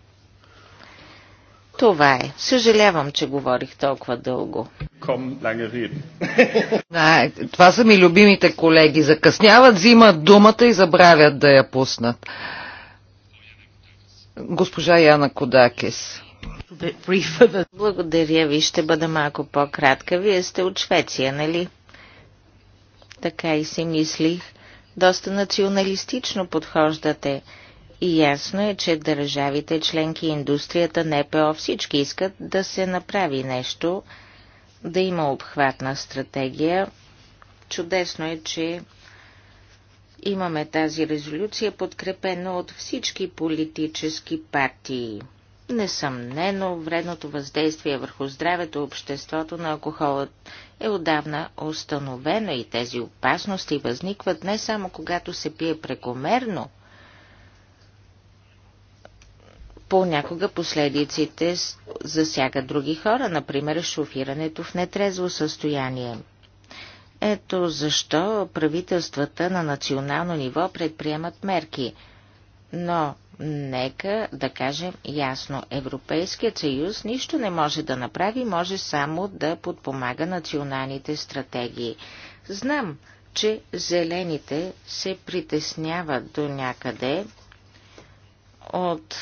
C: Това е. Съжалявам, че говорих толкова дълго.
B: Не, това са ми любимите колеги. Закъсняват, взимат думата и забравят да я пуснат. Госпожа Яна Кодакес.
C: Благодаря ви, ще бъда малко по-кратка. Вие сте от Швеция, нали? Така и си мислих. Доста националистично подхождате. Ясно е, че държавите, членки, индустрията, НПО, всички искат да се направи нещо, да има обхватна стратегия. Чудесно е, че имаме тази резолюция, подкрепена от всички политически партии. Несъмнено, вредното въздействие върху здравето, обществото на алкохолът е отдавна установено и тези опасности възникват не само когато се пие прекомерно – понякога последиците засягат други хора, например шофирането в нетрезво състояние. Ето защо правителствата на национално ниво предприемат мерки. Но нека да кажем ясно, Европейският съюз нищо не може да направи, може само да подпомага националните стратегии. Знам, че зелените се притесняват до някъде от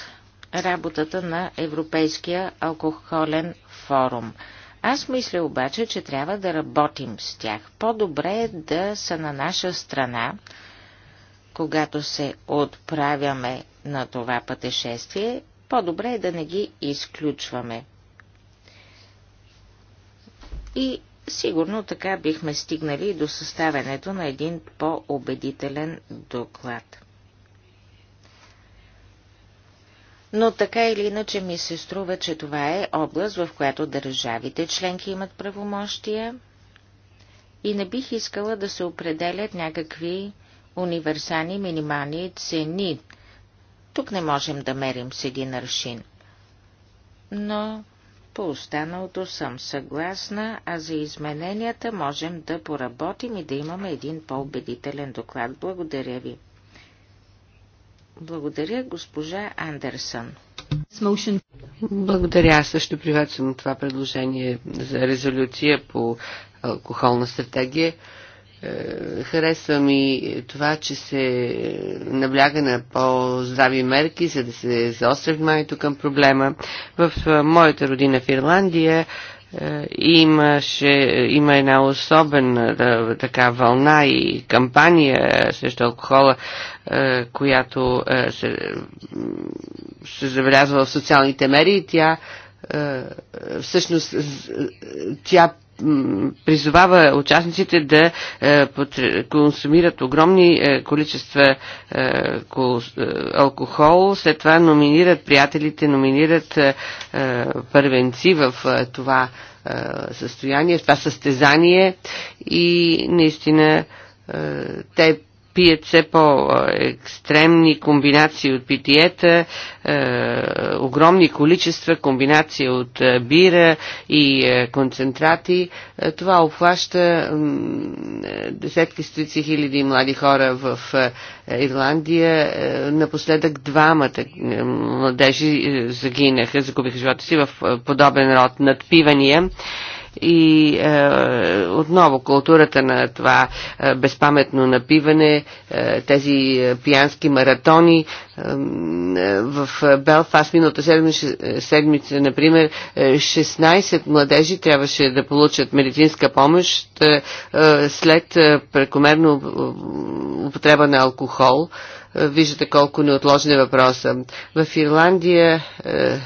C: работата на Европейския алкохолен форум. Аз мисля обаче, че трябва да работим с тях. По-добре е да са на наша страна, когато се отправяме на това пътешествие, по-добре е да не ги изключваме. И сигурно така бихме стигнали до съставянето на един по-убедителен доклад. но така или иначе ми се струва, че това е област, в която държавите членки имат правомощия и не бих искала да се определят някакви универсални минимални цени. Тук не можем да мерим с един аршин. Но по останалото съм съгласна, а за измененията можем да поработим и да имаме един по-убедителен доклад. Благодаря ви. Благодаря, госпожа Андерсън.
A: Благодаря. Аз също приветствам това предложение за резолюция по алкохолна стратегия. Е, Харесвам и това, че се набляга на по-здрави мерки, за да се заостря вниманието към проблема. В е, моята родина в Ирландия е, имаше, има една особена така вълна и кампания срещу алкохола, е, която е, се, се забелязва в социалните мери и тя всъщност тя призовава участниците да е, консумират огромни е, количества е, алкохол, след това номинират приятелите, номинират първенци в това състояние, в това състезание и наистина те пият все по-екстремни комбинации от питиета, е, огромни количества, комбинация от е, бира и е, концентрати. Това обхваща десетки стотици хиляди млади хора в Ирландия. Напоследък двамата младежи загинаха, загубиха живота си в подобен род надпивания и е, отново културата на това е, безпаметно напиване, е, тези е, пиянски маратони е, в Белфаст миналата седмица, седмица, например, 16 е, младежи трябваше да получат медицинска помощ е, е след прекомерно употреба на алкохол. виждате колко неотложни въпроса. В Ирландия е,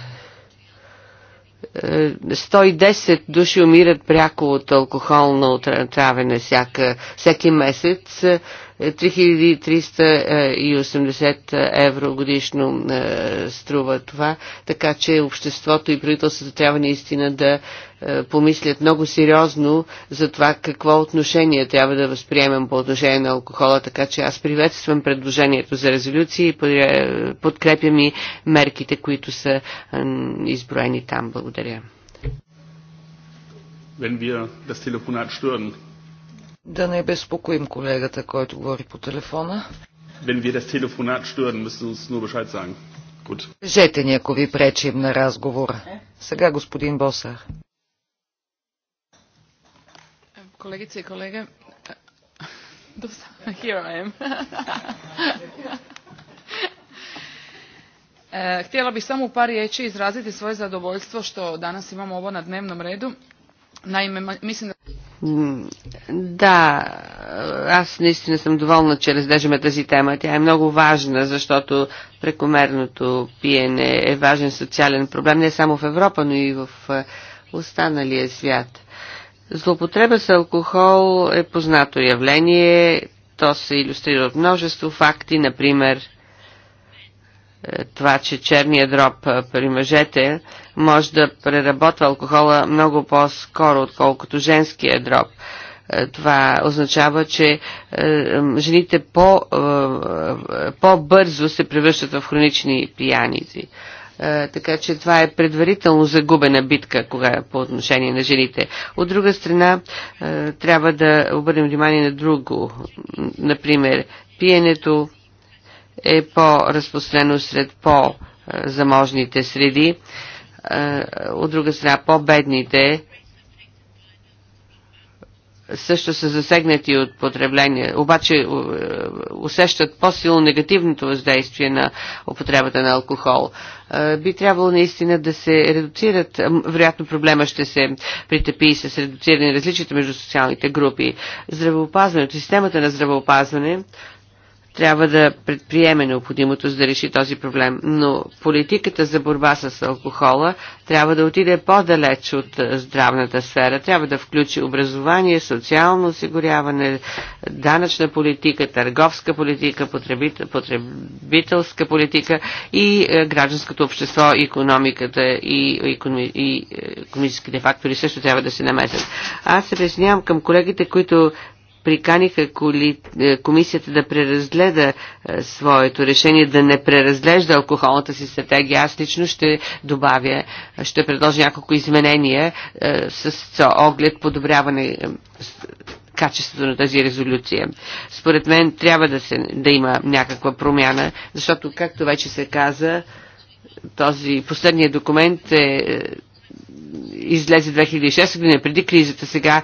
A: 110 е, души умират пряко от алкохолно отравяне всеки месец. 3380 е, евро годишно е, струва това, така че обществото и правителството трябва наистина да е, помислят много сериозно за това какво отношение трябва да възприемем по отношение на алкохола, така че аз приветствам предложението за резолюция и е, подкрепям и мерките, които са е, изброени там. Благодаря.
B: Да не безпокоим колегата, който говори по телефона.
A: Жете Кажете ни,
B: ако ви пречим на разговора. Сега господин Босар.
A: Kolegice i kolege, here I am. E, htjela bih samo u par riječi izraziti svoje zadovoljstvo što danas imamo ovo na dnevnom redu. Naime, mislim da... Да, mm, e, аз наистина съм доволна, че разглеждаме тази тема. Тя е много важна, защото прекомерното пиене е важен социален проблем не само в Европа, но и в е, останалия свят. Злопотреба с алкохол е познато явление, то се иллюстрира от множество факти, например е, това, че черния дроб е, при мъжете може да преработва алкохола много по-скоро, отколкото женския дроб. Е, това означава, че жените по, по-бързо се превръщат в хронични пияници. Е, така че това е предварително загубена битка кога, по отношение на жените. От друга страна, е, трябва да обърнем внимание на друго. Например, пиенето е по-разпространено сред по-заможните среди, е, от друга страна по-бедните също са засегнати от потребление, обаче е, усещат по-силно негативното въздействие на употребата на алкохол. Е, би трябвало наистина да се редуцират, вероятно проблема ще се притъпи с редуциране различията между социалните групи. Здравеопазването, системата на здравеопазване трябва да предприеме необходимото за да реши този проблем. Но политиката за борба с алкохола трябва да отиде по-далеч от е, здравната сфера. Трябва да включи образование, социално осигуряване, данъчна политика, търговска политика, потребител, потребителска политика и е, гражданското общество, економиката и, и, и е, економическите фактори също трябва да се намесят. Аз се присъединявам към колегите, които приканиха е, комисията да преразгледа е, своето решение, да не преразглежда алкохолната си стратегия. Аз лично ще добавя, ще предложа няколко изменения е, с оглед подобряване качеството на тази резолюция. Според мен трябва да, се, да има някаква промяна, защото, както вече се каза, този последният документ е излезе 2006 година, преди кризата, сега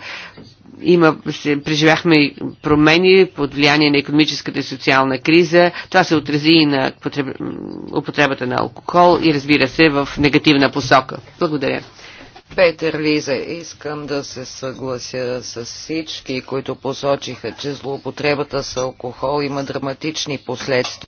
A: има, се, преживяхме промени под влияние на економическата и социална криза. Това се отрази и на потреб... употребата на алкохол и разбира се в негативна посока. Благодаря.
B: Петър Лиза, искам да се съглася с всички, които посочиха, че злоупотребата с алкохол има драматични последствия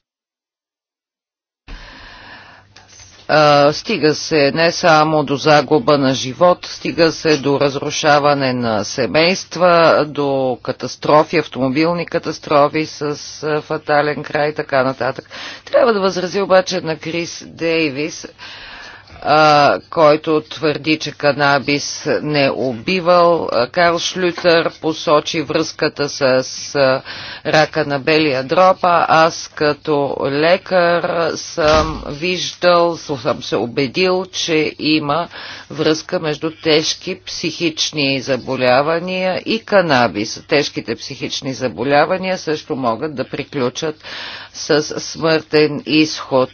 B: стига се не само до загуба на живот, стига се до разрушаване на семейства, до катастрофи, автомобилни катастрофи с фатален край и така нататък. Трябва да възрази обаче на Крис Дейвис а, който твърди, че канабис не е убивал. Карл Шлютер посочи връзката с а, рака на белия дропа. Аз като лекар съм виждал, съм се убедил, че има връзка между тежки психични заболявания и канабис. Тежките психични заболявания също могат да приключат с смъртен изход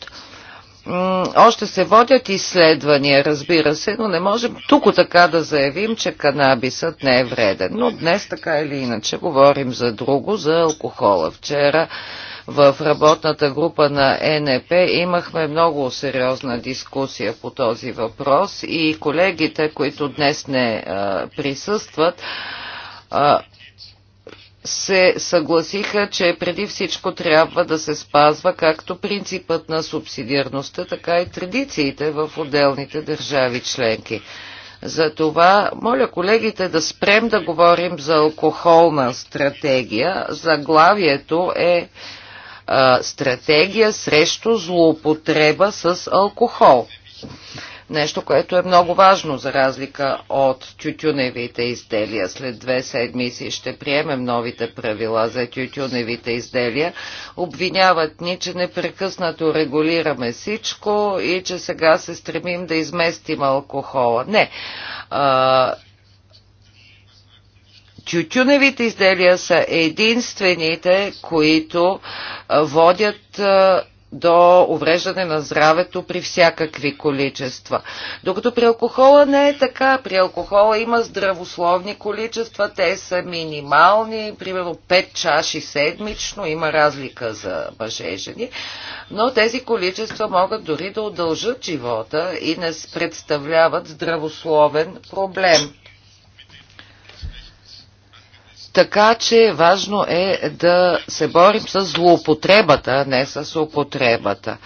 B: още се водят изследвания, разбира се, но не можем тук така да заявим, че канабисът не е вреден. Но днес така или иначе говорим за друго, за алкохола. Вчера в работната група на НЕП имахме много сериозна дискусия по този въпрос и колегите, които днес не а, присъстват, а, се съгласиха, че преди всичко трябва да се спазва както принципът на субсидиарността, така и традициите в отделните държави членки. Затова моля колегите да спрем да говорим за алкохолна стратегия. Заглавието е а, стратегия срещу злоупотреба с алкохол. Нещо, което е много важно за разлика от тютюневите изделия. След две седмици ще приемем новите правила за тютюневите изделия. Обвиняват ни, че непрекъснато регулираме всичко и че сега се стремим да изместим алкохола. Не. А, тютюневите изделия са единствените, които водят до увреждане на здравето при всякакви количества. Докато при алкохола не е така. При алкохола има здравословни количества, те са минимални, примерно 5 чаши седмично, има разлика за мъже и жени, но тези количества могат дори да удължат живота и не представляват здравословен проблем. Така че важно е да се борим с злоупотребата, а не с употребата.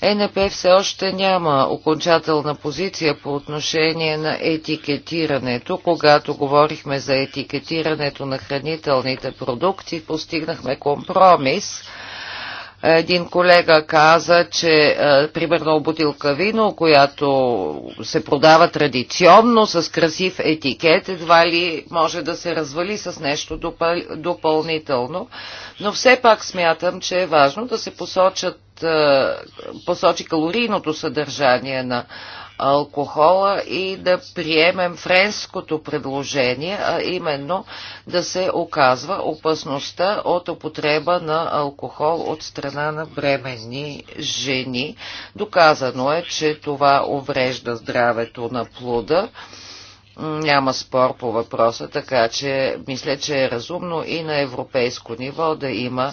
B: Е НП все още няма окончателна позиция по отношение на етикетирането. Когато говорихме за етикетирането на хранителните продукти, постигнахме компромис – един колега каза, че е, примерно бутилка вино, която се продава традиционно с красив етикет, едва ли може да се развали с нещо допъл... допълнително. Но все пак смятам, че е важно да се посочат, е, посочи калорийното съдържание на алкохола и да приемем френското предложение, а именно да се оказва опасността от употреба на алкохол от страна на бременни жени. Доказано е, че това уврежда здравето на плода. Няма спор по въпроса, така че мисля, че е разумно и на европейско ниво да има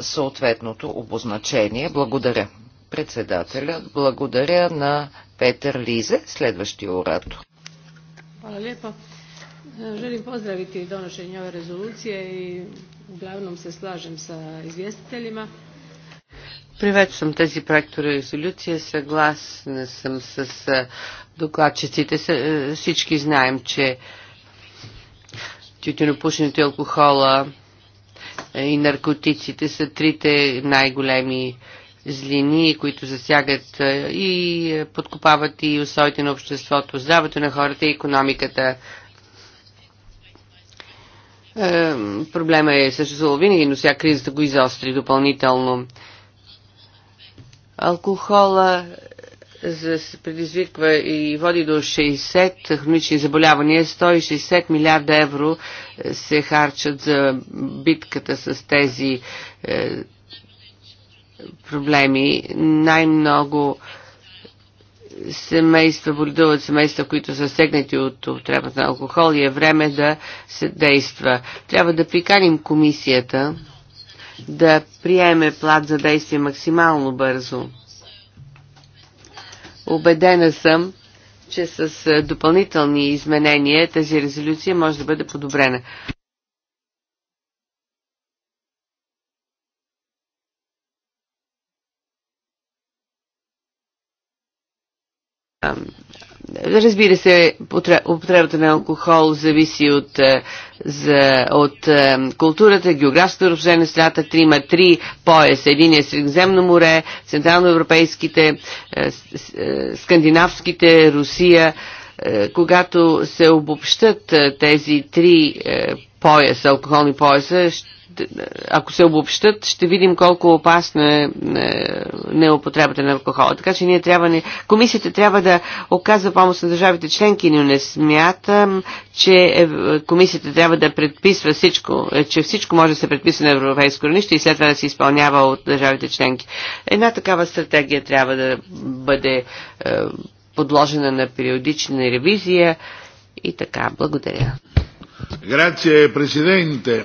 B: съответното обозначение. Благодаря. Председателят благодаря на Петър Лизе, следващия оратор.
A: Hvala lijepo. Е, Želim pozdraviti donošenje ove rezolucije i uglavnom se slažem sa izvjestiteljima. Приветствам тези резолюция. Съгласна съм с докладчиците. Всички знаем, че тютюнопушенето е и алкохола е, и наркотиците са трите най-големи злини, които засягат и подкопават и усоите на обществото, здравето на хората и економиката. Проблема е съществувал винаги, но сега кризата го изостри допълнително. Алкохола предизвиква и води до 60 хронични заболявания. 160 милиарда евро се харчат за битката с тези проблеми. Най-много семейства, боледуват семейства, които са сегнати от употребата на алкохол и е време да се действа. Трябва да приканим комисията да приеме плат за действие максимално бързо. Обедена съм, че с допълнителни изменения тази резолюция може да бъде подобрена. Разбира се, употребата на алкохол зависи от, е, за, от е, културата, географското разположение на страната. Три има три пояса. Един е Средиземно море, централноевропейските, е, скандинавските, Русия. Когато се обобщат тези три пояса, алкохолни пояса, ако се обобщат, ще видим колко опасна е, е неупотребата на алкохола. Така че ние трябва не... комисията трябва да оказва помощ на държавите членки, но не смятам, че е, комисията трябва да предписва всичко, е, че всичко може да се предписва на европейско равнище и след това да се изпълнява от държавите членки. Една такава стратегия трябва да бъде подложена на периодична ревизия и така. Благодаря.
C: Grazie Presidente.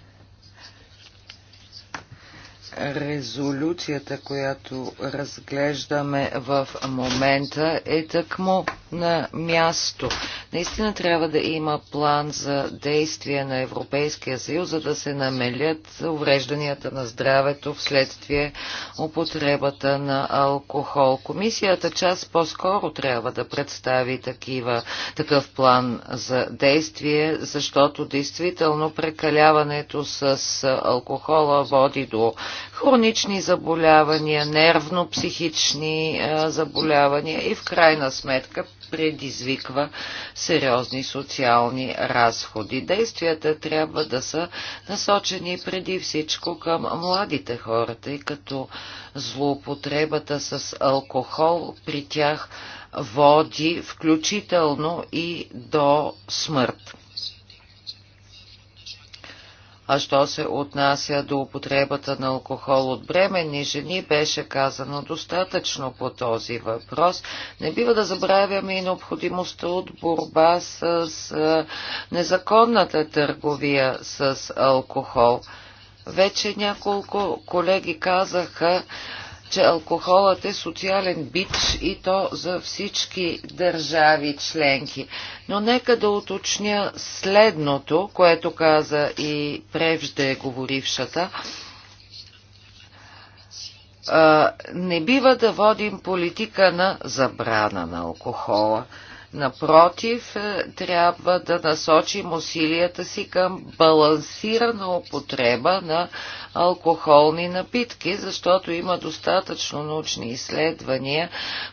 B: резолюцията, която разглеждаме в момента, е тъкмо на място. Наистина трябва да има план за действие на Европейския съюз, за да се намелят уврежданията на здравето вследствие употребата на алкохол. Комисията част по-скоро трябва да представи такива, такъв план за действие, защото действително прекаляването с алкохола води до хронични заболявания, нервно-психични заболявания и в крайна сметка предизвиква сериозни социални разходи. Действията трябва да са насочени преди всичко към младите хора, тъй като злоупотребата с алкохол при тях води включително и до смърт. А що се отнася до употребата на алкохол от бременни жени, беше казано достатъчно по този въпрос. Не бива да забравяме и необходимостта от борба с незаконната търговия с алкохол. Вече няколко колеги казаха, че алкохолът е социален бич и то за всички държави членки. Но нека да уточня следното, което каза и превжде говорившата. Не бива да водим политика на забрана на алкохола. Напротив, е, трябва да насочим усилията си към балансирана употреба на алкохолни напитки, защото има достатъчно научни изследвания,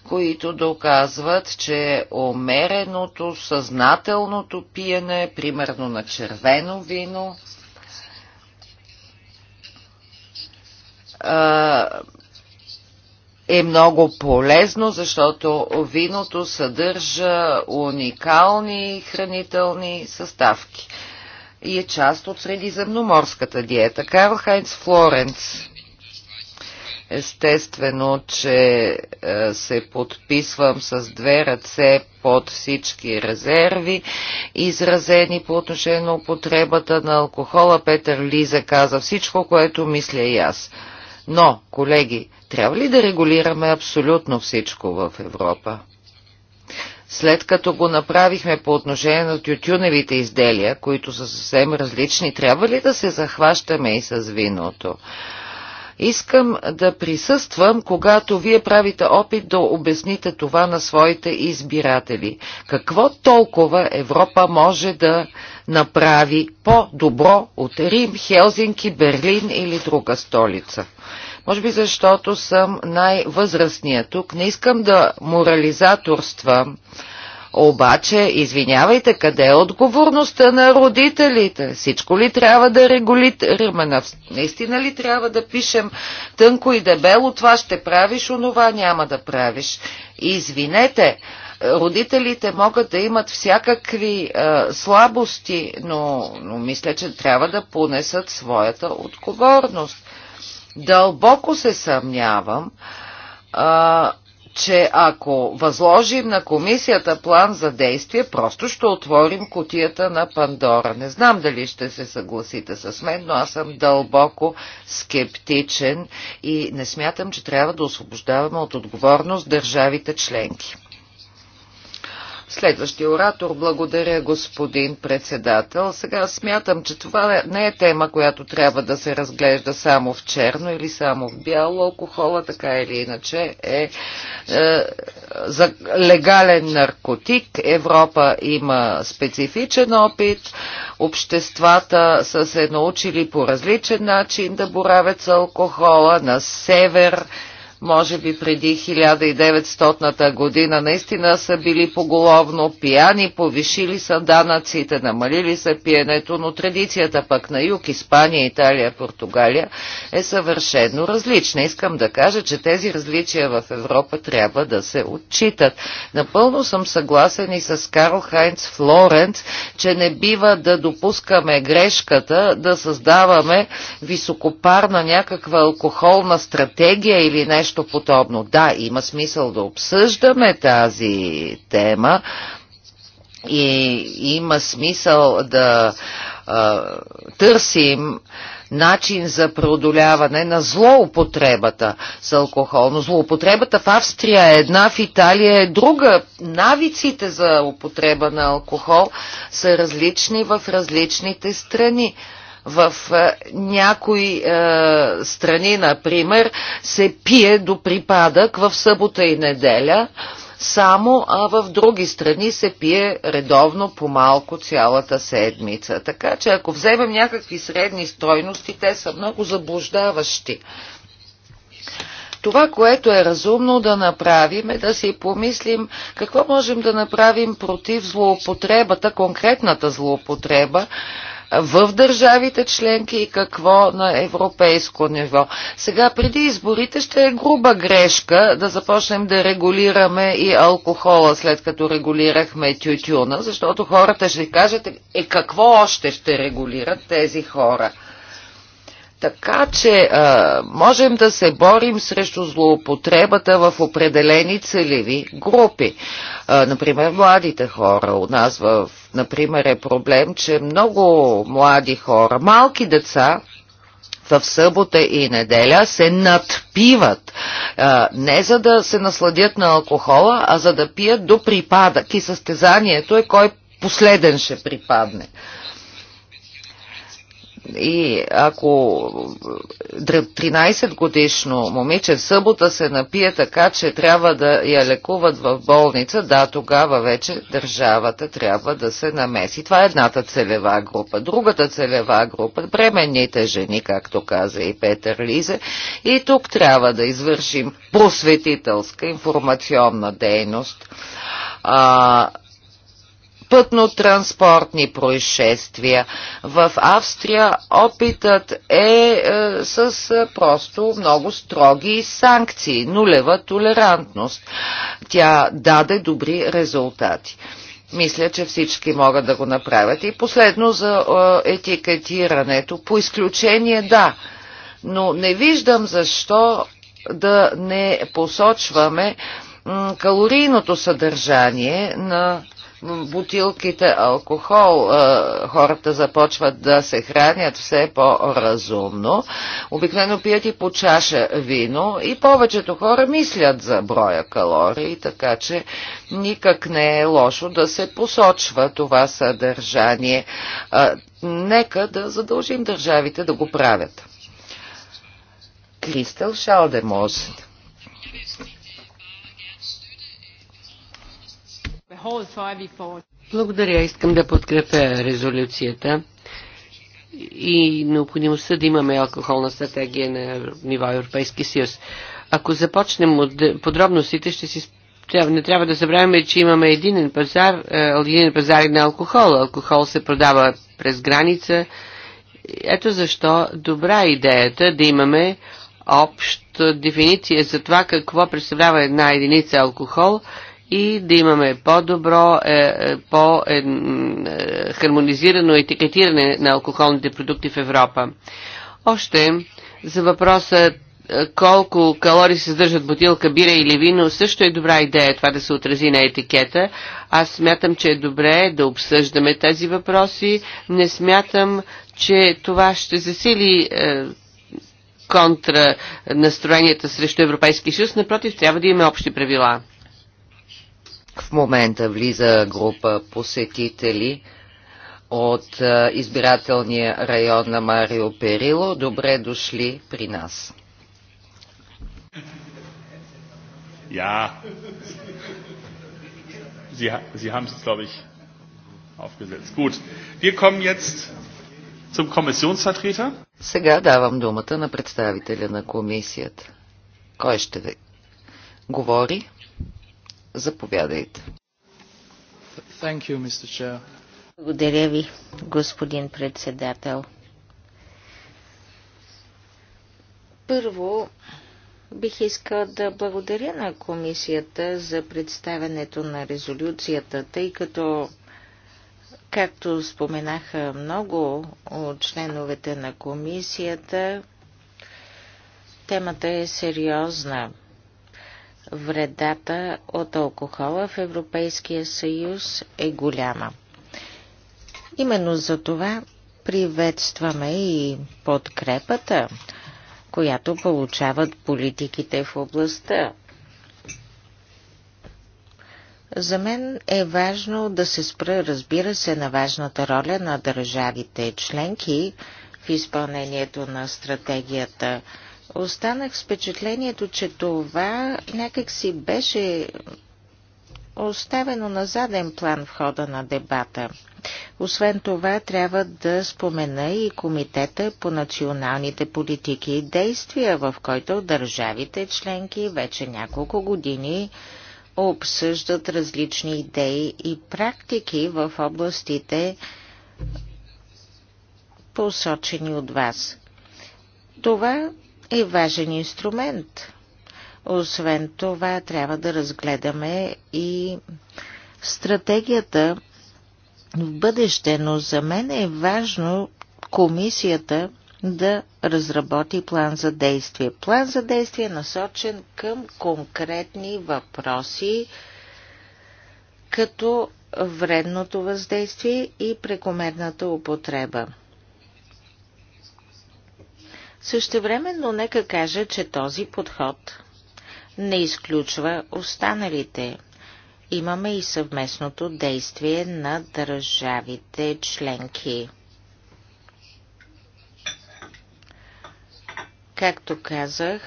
B: които доказват, че умереното, съзнателното пиене, примерно на червено вино, е, е много полезно, защото виното съдържа уникални хранителни съставки и е част от средиземноморската диета. Карл Хайнц Флоренц Естествено, че е, се подписвам с две ръце под всички резерви, изразени по отношение на употребата на алкохола. Петър Лиза каза всичко, което мисля и аз. Но, колеги, трябва ли да регулираме абсолютно всичко в Европа? След като го направихме по отношение на тютюневите изделия, които са съвсем различни, трябва ли да се захващаме и с виното? Искам да присъствам, когато вие правите опит да обясните това на своите избиратели. Какво толкова Европа може да направи по-добро от Рим, Хелзинки, Берлин или друга столица. Може би защото съм най-възрастният тук. Не искам да морализаторствам, обаче, извинявайте, къде е отговорността на родителите? Всичко ли трябва да регулираме? Наистина ли трябва да пишем тънко и дебело? Това ще правиш, онова няма да правиш. Извинете, Родителите могат да имат всякакви а, слабости, но, но мисля, че трябва да понесат своята отговорност. Дълбоко се съмнявам, а, че ако възложим на комисията план за действие, просто ще отворим котията на Пандора. Не знам дали ще се съгласите с мен, но аз съм дълбоко скептичен и не смятам, че трябва да освобождаваме от отговорност държавите членки. Следващия оратор, благодаря господин председател. Сега смятам, че това не е тема, която трябва да се разглежда само в черно или само в бяло. Алкохола така или иначе е, е за легален наркотик. Европа има специфичен опит. Обществата са се научили по различен начин да боравят с алкохола. На север може би преди 1900-та година, наистина са били поголовно пияни, повишили са данъците, намалили са пиенето, но традицията пък на юг, Испания, Италия, Португалия е съвършено различна. Искам да кажа, че тези различия в Европа трябва да се отчитат. Напълно съм съгласен и с Карл Хайнц Флоренц, че не бива да допускаме грешката да създаваме високопарна някаква алкохолна стратегия или нещо нещо подобно. Да, има смисъл да обсъждаме тази тема и има смисъл да а, търсим начин за преодоляване на злоупотребата с алкохол. Но злоупотребата в Австрия е една, в Италия е друга. Навиците за употреба на алкохол са различни в различните страни. В е, някои е, страни, например, се пие до припадък в събота и неделя, само а в други страни се пие редовно по малко цялата седмица. Така че ако вземем някакви средни стойности, те са много заблуждаващи. Това, което е разумно да направим е да си помислим какво можем да направим против злоупотребата, конкретната злоупотреба, в държавите членки и какво на европейско ниво. Сега преди изборите ще е груба грешка да започнем да регулираме и алкохола, след като регулирахме тютюна, защото хората ще кажат е какво още ще регулират тези хора. Така че а, можем да се борим срещу злоупотребата в определени целеви групи. А, например, младите хора. У нас, в, например, е проблем, че много млади хора, малки деца, в събота и неделя се надпиват. Не за да се насладят на алкохола, а за да пият до припадък и състезанието е кой последен ще припадне. И ако 13 годишно момиче в събота се напие така, че трябва да я лекуват в болница, да, тогава вече държавата трябва да се намеси. Това е едната целева група. Другата целева група, бременните жени, както каза и Петър Лизе. И тук трябва да извършим просветителска информационна дейност. А, пътно-транспортни происшествия. В Австрия опитът е, е с е, просто много строги санкции, нулева толерантност. Тя даде добри резултати. Мисля, че всички могат да го направят. И последно за е, етикетирането. По изключение да, но не виждам защо да не посочваме калорийното съдържание на бутилките алкохол. Е, хората започват да се хранят все по-разумно. Обикновено пият и по чаша вино и повечето хора мислят за броя калории, така че никак не е лошо да се посочва това съдържание. Нека да задължим държавите да го правят. Кристал Шалдемозен.
A: Благодаря. Искам да подкрепя резолюцията и необходимостта да имаме алкохолна стратегия на ниво Европейски съюз. Ако започнем от подробностите, ще си не трябва да забравяме, че имаме единен пазар, е, единен пазар на алкохол. Алкохол се продава през граница. Ето защо добра идеята да имаме обща дефиниция за това какво представлява една единица алкохол – и да имаме по-добро, е, е, по-хармонизирано е, етикетиране на алкохолните продукти в Европа. Още за въпроса колко калории се съдържат бутилка бира или вино, също е добра идея това да се отрази на етикета. Аз смятам, че е добре да обсъждаме тези въпроси. Не смятам, че това ще засили е, контра настроенията срещу Европейския съюз. Напротив, трябва да имаме общи правила.
B: В момента влиза група посетители от избирателния район на Марио Перило. Добре дошли при нас.
A: Ja, Sie, Sie haben es, glaube
B: ich, aufgesetzt. Gut, wir kommen jetzt zum Kommissionsvertreter. Сега давам думата на представителя на комисията. Кой ще ви говори? Заповядайте.
C: Thank you, Mr. Chair. Благодаря ви, господин председател. Първо, бих искал да благодаря на комисията за представянето на резолюцията, тъй като, както споменаха много от членовете на комисията, темата е сериозна вредата от алкохола в Европейския съюз е голяма. Именно за това приветстваме и подкрепата, която получават политиките в областта. За мен е важно да се спра, разбира се, на важната роля на държавите членки в изпълнението на стратегията останах с впечатлението, че това някак си беше оставено на заден план в хода на дебата. Освен това, трябва да спомена и Комитета по националните политики и действия, в който държавите членки вече няколко години обсъждат различни идеи и практики в областите посочени от вас. Това е важен инструмент. Освен това, трябва да разгледаме и стратегията в бъдеще, но за мен е важно комисията да разработи план за действие. План за действие е насочен към конкретни въпроси, като вредното въздействие и прекомерната употреба. Същевременно нека кажа, че този подход не изключва останалите. Имаме и съвместното действие на държавите членки. Както казах,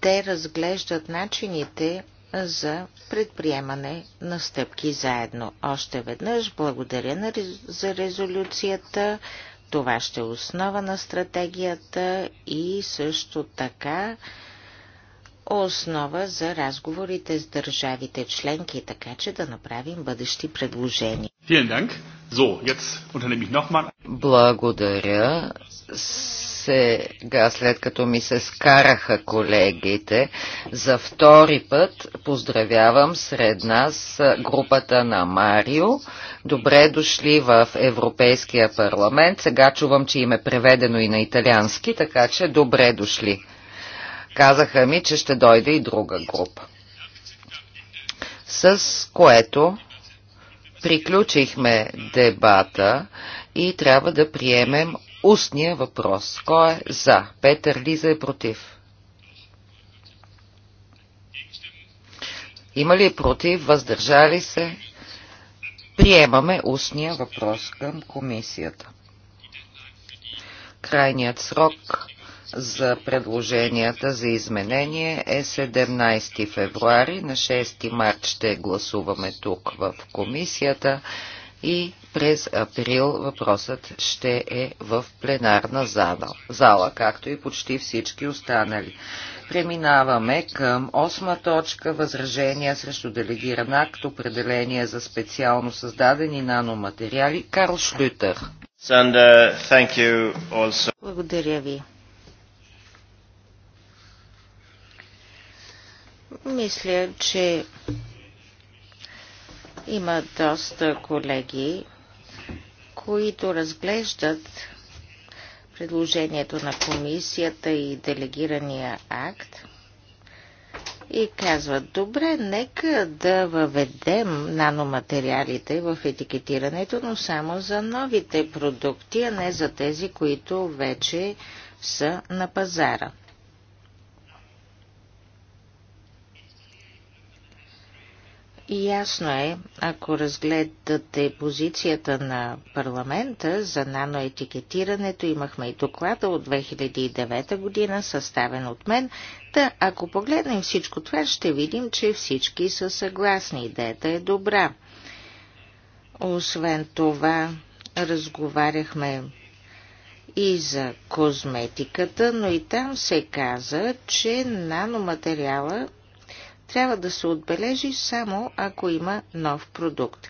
C: те разглеждат начините за предприемане на стъпки заедно. Още веднъж благодаря за резолюцията. Това ще е основа на стратегията и също така основа за разговорите с държавите членки, така че да направим бъдещи предложения.
B: Благодаря сега, след като ми се скараха колегите, за втори път поздравявам сред нас групата на Марио. Добре дошли в Европейския парламент. Сега чувам, че им е преведено и на италиански, така че добре дошли. Казаха ми, че ще дойде и друга група. С което приключихме дебата и трябва да приемем устния въпрос. Кой е за? Петър Лиза е против. Има ли против? Въздържали се? Приемаме устния въпрос към комисията. Крайният срок за предложенията за изменение е 17 февруари. На 6 март ще гласуваме тук в комисията и през април въпросът ще е в пленарна зала, зала както и почти всички останали. Преминаваме към осма точка възражения срещу делегиран акт, определение за специално създадени наноматериали. Карл Шлютер.
C: Uh, Благодаря ви. Мисля, че има доста колеги, които разглеждат предложението на комисията и делегирания акт и казват, добре, нека да въведем наноматериалите в етикетирането, но само за новите продукти, а не за тези, които вече са на пазара. Ясно е, ако разгледате позицията на парламента за наноетикетирането, имахме и доклада от 2009 година, съставен от мен, та ако погледнем всичко това, ще видим, че всички са съгласни, идеята е добра. Освен това, разговаряхме и за козметиката, но и там се каза, че наноматериала трябва да се отбележи само ако има нов продукт.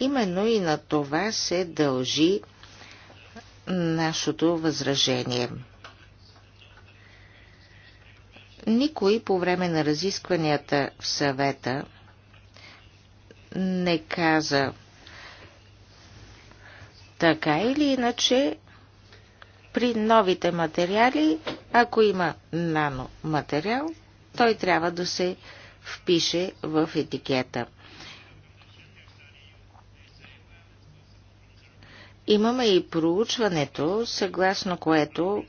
C: Именно и на това се дължи нашето възражение. Никой по време на разискванията в съвета не каза така или иначе при новите материали, ако има наноматериал, той трябва да се впише в етикета. Имаме и проучването, съгласно което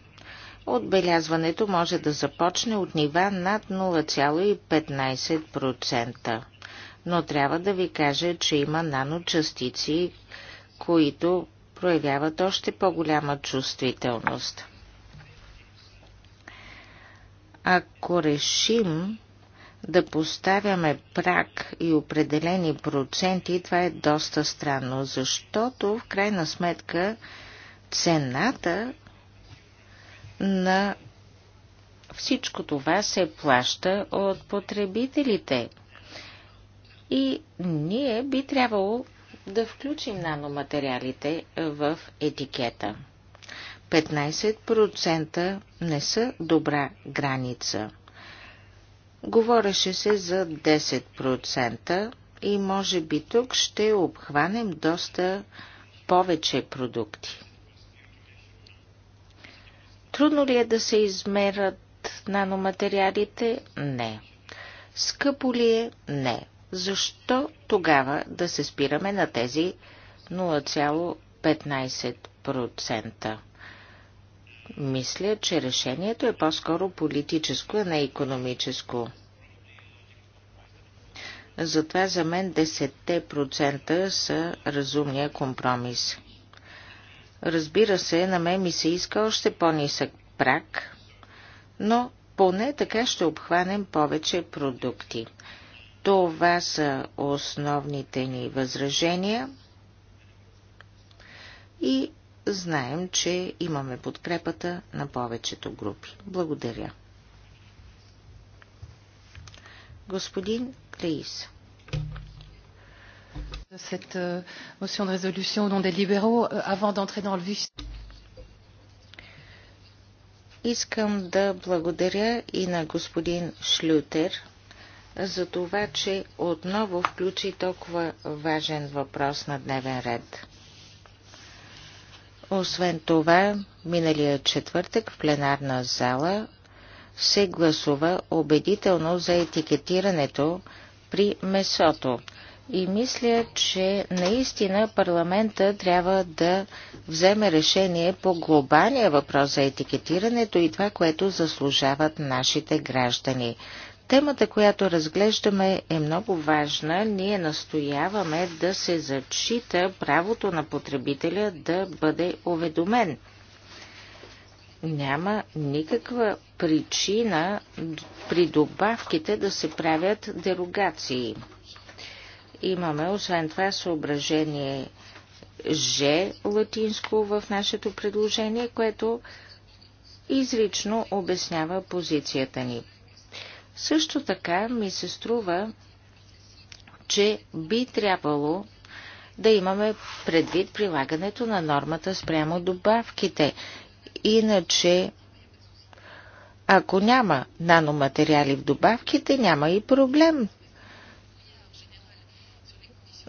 C: отбелязването може да започне от нива над 0,15%. Но трябва да ви кажа, че има наночастици, които проявяват още по-голяма чувствителност. Ако решим да поставяме прак и определени проценти, това е доста странно, защото в крайна сметка цената на всичко това се плаща от потребителите. И ние би трябвало да включим наноматериалите в етикета. 15% не са добра граница. Говореше се за 10% и може би тук ще обхванем доста повече продукти. Трудно ли е да се измерят наноматериалите? Не. Скъпо ли е? Не. Защо тогава да се спираме на тези 0,15%? Мисля, че решението е по-скоро политическо, а не економическо. Затова за мен 10% са разумния компромис. Разбира се, на мен ми се иска още по-нисък прак, но поне така ще обхванем повече продукти. Това са основните ни възражения и знаем, че имаме подкрепата на повечето групи. Благодаря. Господин Клеис. Cette euh, motion de résolution au nom des libéraux, euh, avant d'entrer dans le vif. Искам да благодаря и на господин Шлютер за това, че отново включи толкова важен въпрос на дневен ред. Освен това, миналия четвъртък в пленарна зала се гласува убедително за етикетирането при месото. И мисля, че наистина парламента трябва да вземе решение по глобалния въпрос за етикетирането и това, което заслужават нашите граждани. Темата, която разглеждаме е много важна. Ние настояваме да се зачита правото на потребителя да бъде уведомен. Няма никаква причина при добавките да се правят дерогации. Имаме освен това съображение Ж латинско в нашето предложение, което изрично обяснява позицията ни. Също така ми се струва, че би трябвало да имаме предвид прилагането на нормата спрямо добавките. Иначе, ако няма наноматериали в добавките, няма и проблем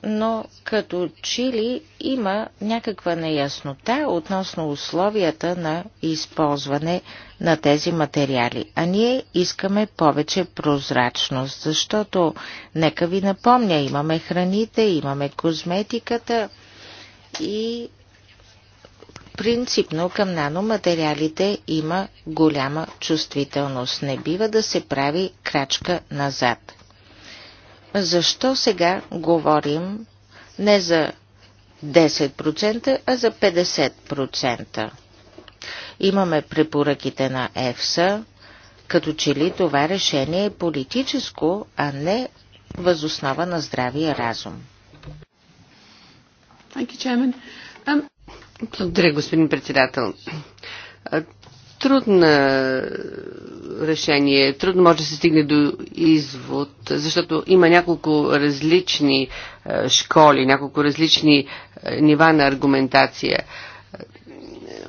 C: но като чили има някаква неяснота относно условията на използване на тези материали. А ние искаме повече прозрачност, защото, нека ви напомня, имаме храните, имаме козметиката и принципно към наноматериалите има голяма чувствителност. Не бива да се прави крачка назад. Защо сега говорим не за 10%, а за 50%? Имаме препоръките на ЕФСА, като че ли това решение е политическо, а не възоснова на здравия разум. Um, Благодаря, господин председател
A: трудно е, решение, трудно може да се стигне до извод, защото има няколко различни е, школи, няколко различни е, нива на аргументация.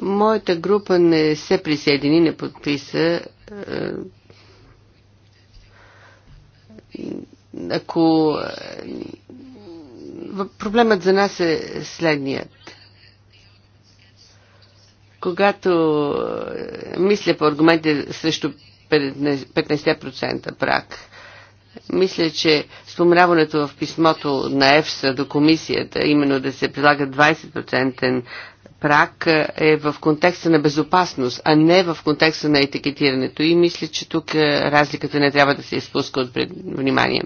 A: Моята група не се присъедини, не подписа. Ако проблемът за нас е следният когато е, мисля по аргументите срещу 15% прак, мисля, че споменаването в писмото на ЕФСА до комисията, именно да се прилага 20% прак е в контекста на безопасност, а не в контекста на етикетирането. И мисля, че тук е, разликата не трябва да се изпуска от внимание.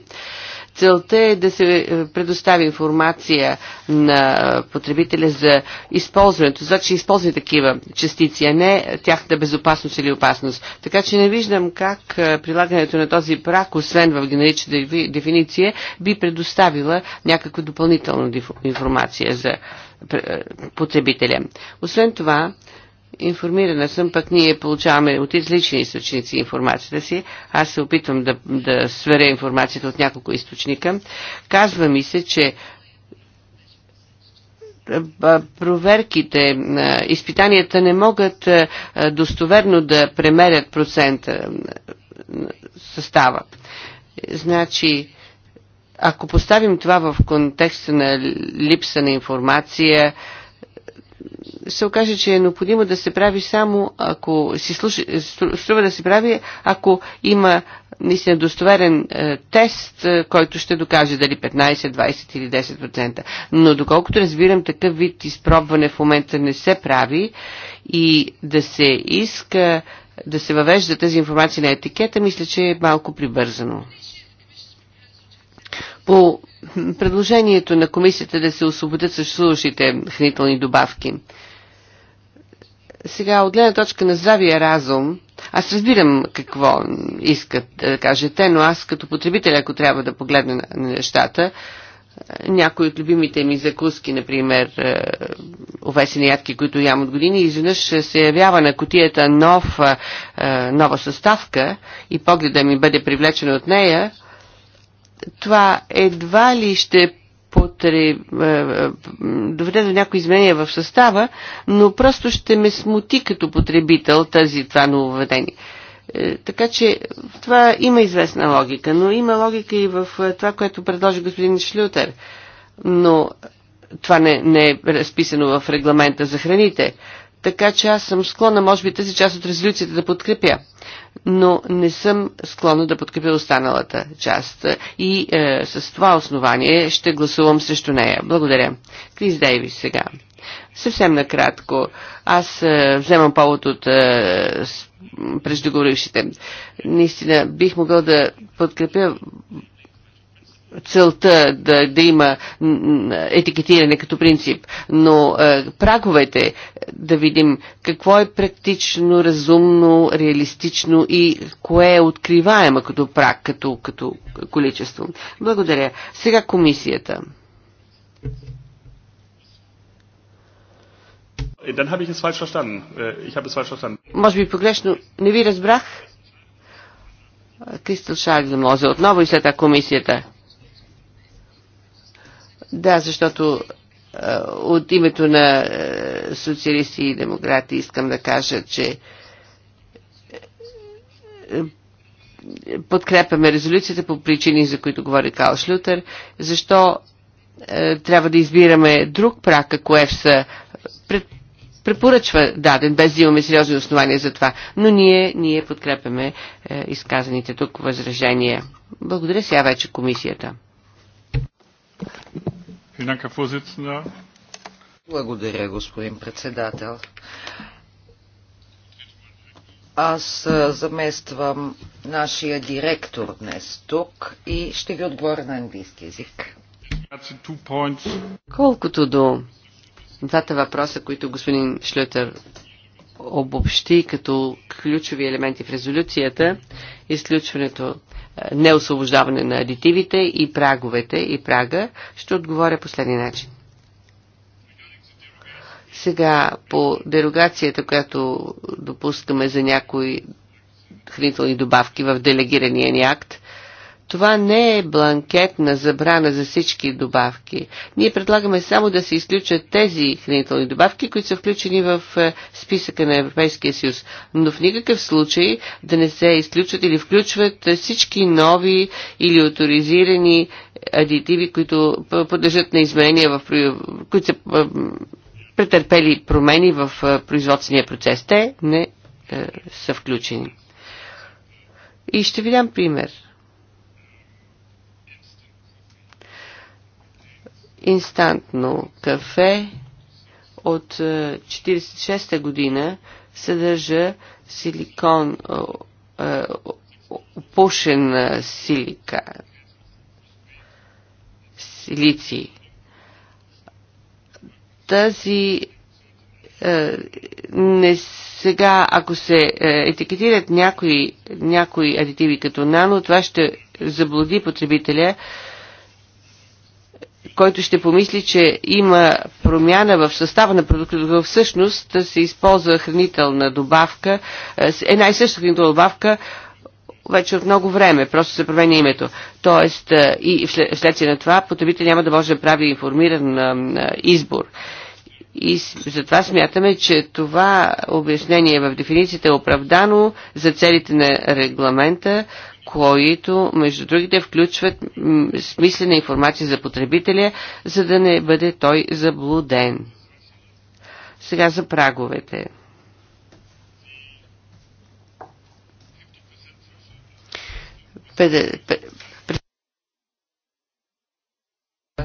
A: Целта е да се е, предостави информация на е, потребителя за използването, за че използва такива частици, а не тяхната безопасност или опасност. Така че не виждам как е, прилагането на този прак, освен в генерична дефиниция, би предоставила някаква допълнителна информация за потребителя. Освен това, Информирана съм, пък ние получаваме от излични източници информацията си. Аз се опитвам да, да сверя информацията от няколко източника. Казва ми се, че проверките, изпитанията не могат достоверно да премерят процента състава. Значи, ако поставим това в контекста на липса на информация, се окаже, че е необходимо да се прави само ако си слуша, струва да се прави, ако има наистина достоверен е, тест, е, който ще докаже дали 15, 20 или 10%. Но доколкото разбирам, такъв вид изпробване в момента не се прави и да се иска да се въвежда тази информация на етикета, мисля, че е малко прибързано. По предложението на комисията да се освободят съществуващите хранителни добавки. Сега, от гледна точка на здравия разум, аз разбирам какво искат да кажете, но аз като потребител, ако трябва да погледна на нещата, е, някои от любимите ми закуски, например, е, овесени ядки, които ям от години, изведнъж се явява на котията нов, е, нова съставка и погледа ми бъде привлечен от нея, това едва ли ще утре е, е, доведе до някои изменения в състава, но просто ще ме смути като потребител тази това нововведение. Е, така че това има известна логика, но има логика и в това, което предложи господин Шлютер. Но това не, не е разписано в регламента за храните. Така че аз съм склонна, може би, тази част от резолюцията да подкрепя но не съм склонна да подкрепя останалата част и е, с това основание ще гласувам срещу нея. Благодаря. Крис Дейвис сега. Съвсем накратко. Аз е, вземам повод от е, преждеговорившите. Наистина бих могъл да подкрепя целта да, да има етикетиране като принцип, но е, праговете да видим какво е практично, разумно, реалистично и кое е откриваемо като праг, като, като количество. Благодаря. Сега комисията. Е, е, може би погрешно. Не ви разбрах. Кристал Шарк може отново и след това комисията. Да, защото от името на социалисти и демократи искам да кажа, че подкрепяме резолюцията по причини, за които говори Кал Шлютер. Защо трябва да избираме друг прак, ако ЕФСА препоръчва даден, без да имаме сериозни основания за това. Но ние, ние подкрепяме изказаните тук възражения. Благодаря сега вече комисията.
B: Благодаря, господин председател. Аз замествам нашия директор днес тук и ще ви отговоря на английски язик.
A: Колкото до двата въпроса, които господин Шлютер обобщи като ключови елементи в резолюцията, изключването неосвобождаване на адитивите и праговете и прага, ще отговоря последния начин. Сега по дерогацията, която допускаме за някои хранителни добавки в делегирания ни акт, това не е бланкетна забрана за всички добавки. Ние предлагаме само да се изключат тези хранителни добавки, които са включени в е, списъка на Европейския съюз, но в никакъв случай да не се изключват или включват е, всички нови или авторизирани е, адитиви, които подлежат на изменения, в, които са претърпели промени в производствения процес. Те не са включени. И ще ви дам пример Инстантно кафе от 46-та е, година съдържа силикон, е, опушен е, силика, силици. Тази не сега, ако се етикетират някои, някои адитиви като нано, това ще заблуди потребителя, който ще помисли, че има промяна в състава на продукта, всъщност се използва хранителна добавка, е, една и съща хранителна добавка, вече от много време, просто се променя името. Тоест, е, и вследствие на това, потребител няма да може да прави информиран е, избор. И затова смятаме, че това обяснение в дефиницията е оправдано за целите на регламента, които, между другите, включват смислена информация за потребителя, за да не бъде той заблуден. Сега за праговете.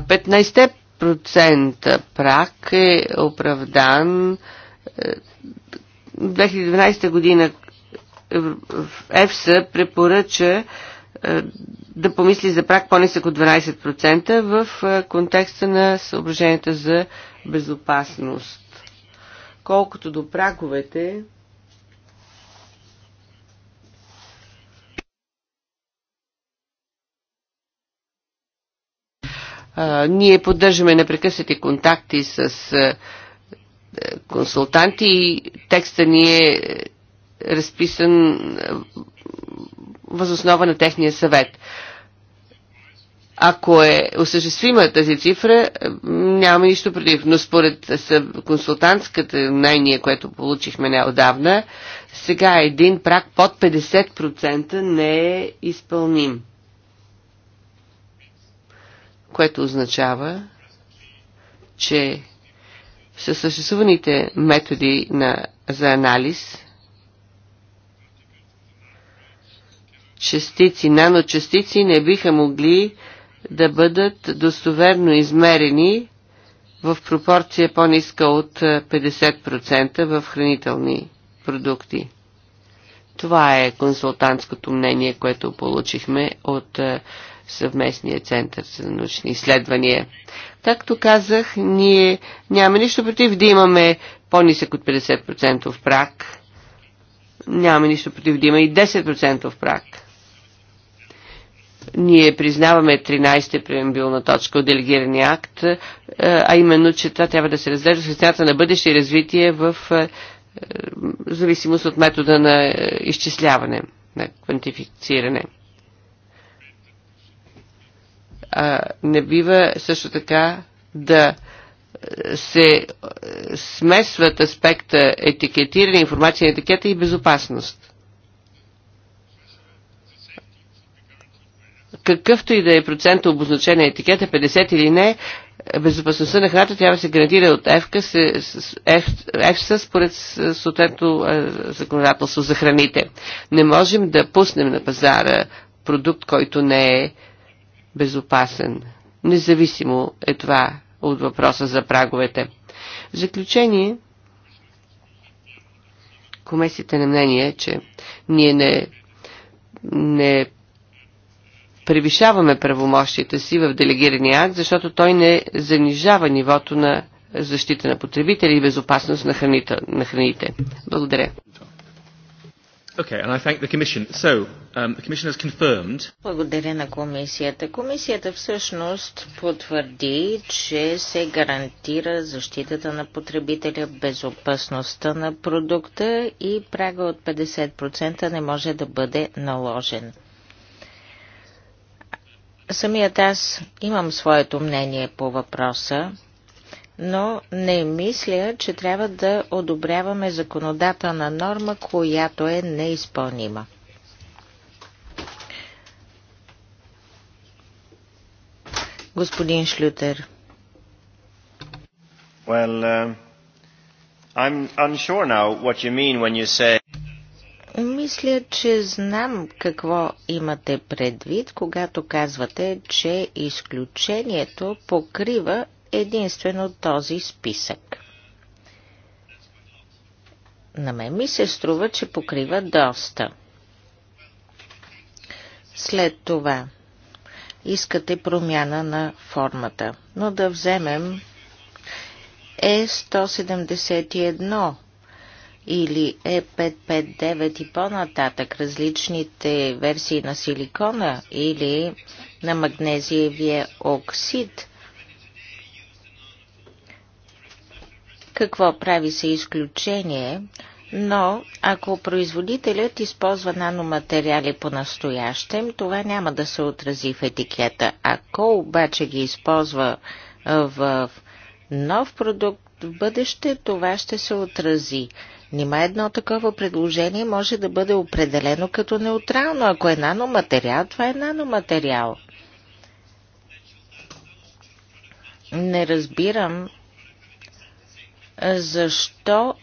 A: Петнайсте процента прак е оправдан. 2012 е, година ЕФСА препоръча е, да помисли за прак по-нисък от 12% в е, контекста на съображенията за безопасност. Колкото до праговете, е, ние поддържаме непрекъснати контакти с консултанти и текста ни е разписан е, възоснова на техния съвет. Ако е осъществима тази цифра, няма нищо против, но според консултантската мнение, което получихме неодавна, сега един прак под 50% не е изпълним. Което означава, че със съществуваните методи на, за анализ частици, наночастици не биха могли да бъдат достоверно измерени в пропорция по-ниска от 50% е, в хранителни продукти. Това е консултантското мнение, което получихме от е, съвместния център за научни изследвания. Както казах, ние нямаме нищо против да имаме по-нисък от 50% прак. Нямаме нищо против да има и 10% прак. Ние признаваме 13-та преамбилна точка от делегирания акт, е, а именно, че това трябва да се разглежда в цената на бъдеще развитие в е, е, зависимост от метода на изчисляване, на квантифициране. А, не бива също така да се смесват аспекта етикетиране, информация на етикета и безопасност. какъвто и да е процент обозначен етикета, 50 или не, безопасността на храната трябва да се гарантира от ЕФСА според съответно законодателство за храните. Не можем да пуснем на пазара продукт, който не е безопасен. Независимо е това от въпроса за праговете. В заключение, комисията на мнение е, че ние не, не превишаваме правомощията си в делегирания акт, защото той не занижава нивото на защита на потребители и безопасност на, храните. На храните. Благодаря.
C: Okay, and I thank the Commission. So, um, the Commission has confirmed. Благодаря на комисията. Комисията всъщност потвърди, че се гарантира защитата на потребителя, безопасността на продукта и прага от 50% не може да бъде наложен. Самият аз имам своето мнение по въпроса, но не мисля, че трябва да одобряваме законодателна норма, която е неизпълнима. Господин Шлютер.
A: Well, uh, I'm unsure now what you mean when you say
C: мисля, че знам какво имате предвид, когато казвате, че изключението покрива единствено този списък. На мен ми се струва, че покрива доста. След това искате промяна на формата, но да вземем е 171 или Е559 и по-нататък, различните версии на силикона или на магнезиевия оксид. Какво прави се изключение? Но ако производителят използва наноматериали по-настоящем, това няма да се отрази в етикета. Ако обаче ги използва в нов продукт в бъдеще, това ще се отрази. Нима едно такова предложение може да бъде определено като неутрално. Ако е наноматериал, това е наноматериал. Не разбирам защо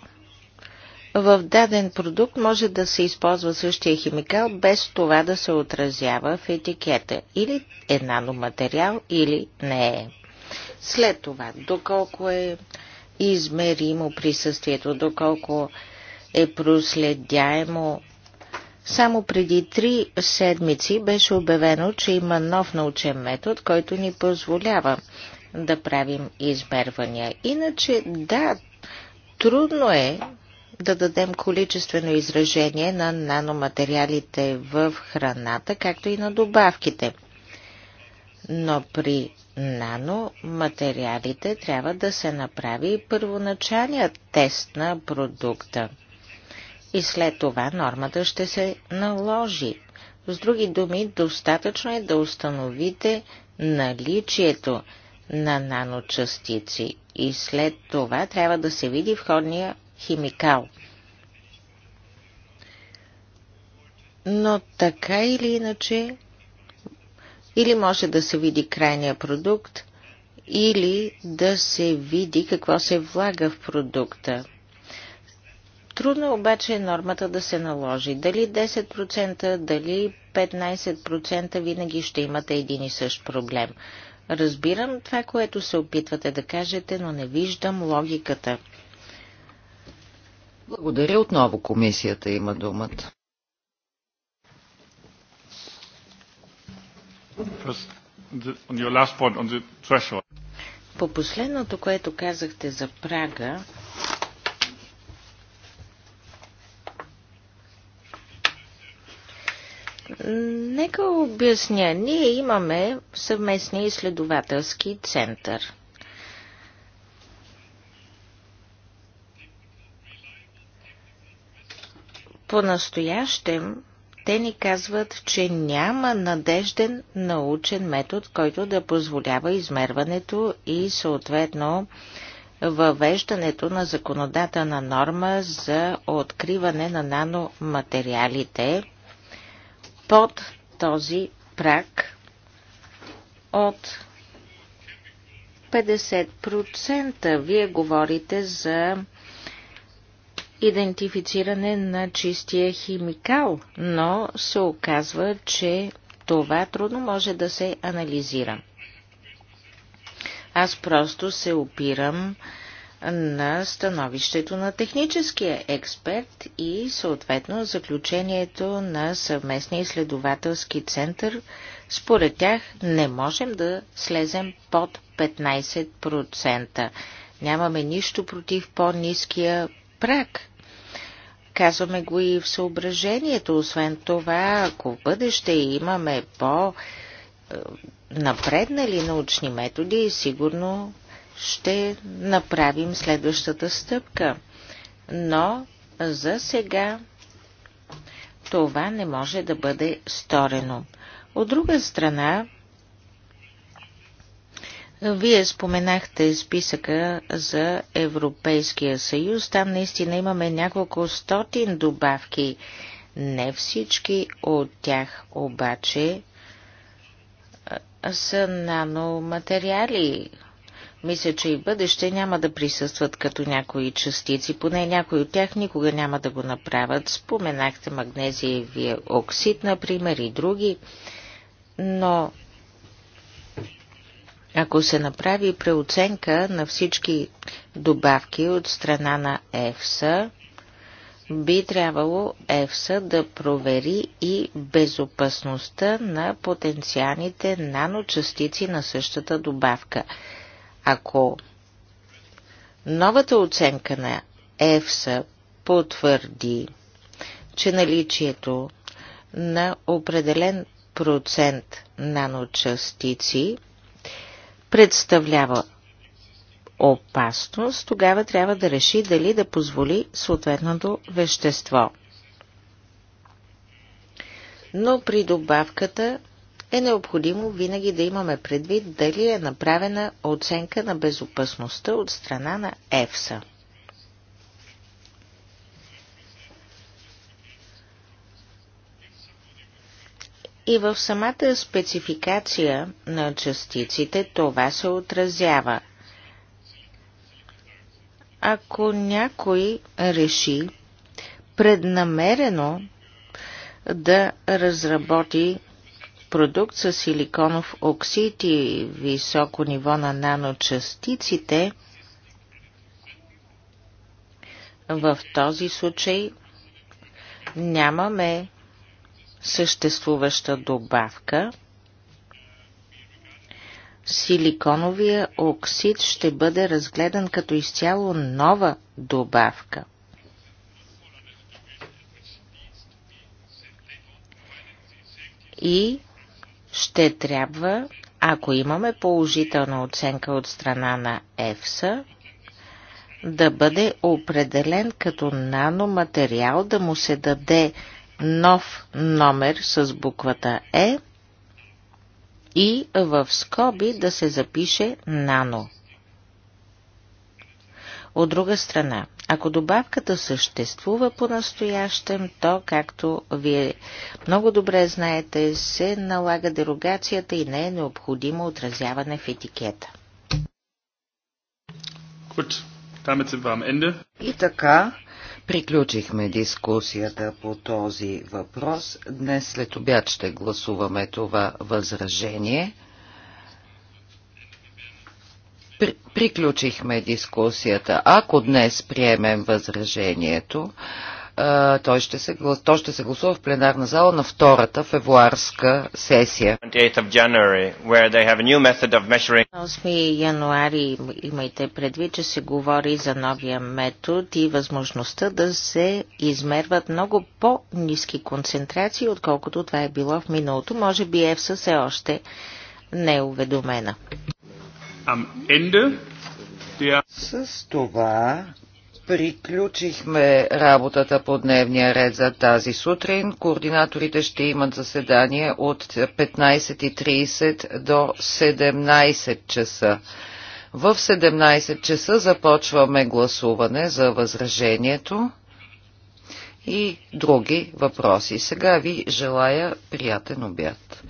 C: в даден продукт може да се използва същия химикал, без това да се отразява в етикета. Или е наноматериал, или не е. След това, доколко е измеримо присъствието, доколко е проследяемо. Само преди три седмици беше обявено, че има нов научен метод, който ни позволява да правим измервания. Иначе, да, трудно е да дадем количествено изражение на наноматериалите в храната, както и на добавките. Но при наноматериалите трябва да се направи първоначалният тест на продукта. И след това нормата ще се наложи. С други думи, достатъчно е да установите наличието на наночастици и след това трябва да се види входния химикал. Но така или иначе или може да се види крайния продукт, или да се види какво се влага в продукта. Трудно обаче е нормата да се наложи. Дали 10%, дали 15% винаги ще имате един и същ проблем. Разбирам това, което се опитвате да кажете, но не виждам логиката.
B: Благодаря отново. Комисията има думата.
C: По последното, което казахте за прага, Нека обясня. Ние имаме съвместния изследователски център. По-настоящем те ни казват, че няма надежден научен метод, който да позволява измерването и съответно въвеждането на законодателна норма за откриване на наноматериалите под този прак от 50%. Вие говорите за идентифициране на чистия химикал, но се оказва, че това трудно може да се анализира. Аз просто се опирам на становището на техническия експерт и съответно заключението на съвместния изследователски център. Според тях не можем да слезем под 15%. Нямаме нищо против по-низкия прак. Казваме го и в съображението. Освен това, ако в бъдеще имаме по е, напреднали научни методи, сигурно ще направим следващата стъпка. Но за сега това не може да бъде сторено. От друга страна, вие споменахте списъка за Европейския съюз. Там наистина имаме няколко стотин добавки. Не всички от тях обаче са наноматериали. Мисля, че и бъдеще няма да присъстват като някои частици, поне някои от тях никога няма да го направят. Споменахте магнезиевия оксид, например, и други, но ако се направи преоценка на всички добавки от страна на ЕФСА, би трябвало ЕФСА да провери и безопасността на потенциалните наночастици на същата добавка. Ако новата оценка на ЕФСА потвърди, че наличието на определен процент наночастици – представлява опасност, тогава трябва да реши дали да позволи съответното вещество. Но при добавката е необходимо винаги да имаме предвид дали е направена оценка на безопасността от страна на ЕФСА. И в самата спецификация на частиците това се отразява. Ако някой реши преднамерено да разработи продукт с силиконов оксид и високо ниво на наночастиците, в този случай нямаме съществуваща добавка, силиконовия оксид ще бъде разгледан като изцяло нова добавка. И ще трябва, ако имаме положителна оценка от страна на ЕФСА, да бъде определен като наноматериал, да му се даде нов номер с буквата Е и в скоби да се запише нано. От друга страна, ако добавката съществува по-настоящем, то, както вие много добре знаете, се налага дерогацията и не е необходимо отразяване в етикета.
B: И така, Приключихме дискусията по този въпрос. Днес след обяд ще гласуваме това възражение. Приключихме дискусията. Ако днес приемем възражението, той ще се, то ще се гласува в пленарна зала на втората февруарска сесия.
A: 8
C: януари имайте предвид, че се говори за новия метод и възможността да се измерват много по-низки концентрации, отколкото това е било в миналото. Може би ЕФСА все още не е уведомена.
B: С това приключихме работата по дневния ред за тази сутрин. Координаторите ще имат заседание от 15.30 до 17 часа. В 17 часа започваме гласуване за възражението и други въпроси. Сега ви желая приятен обяд.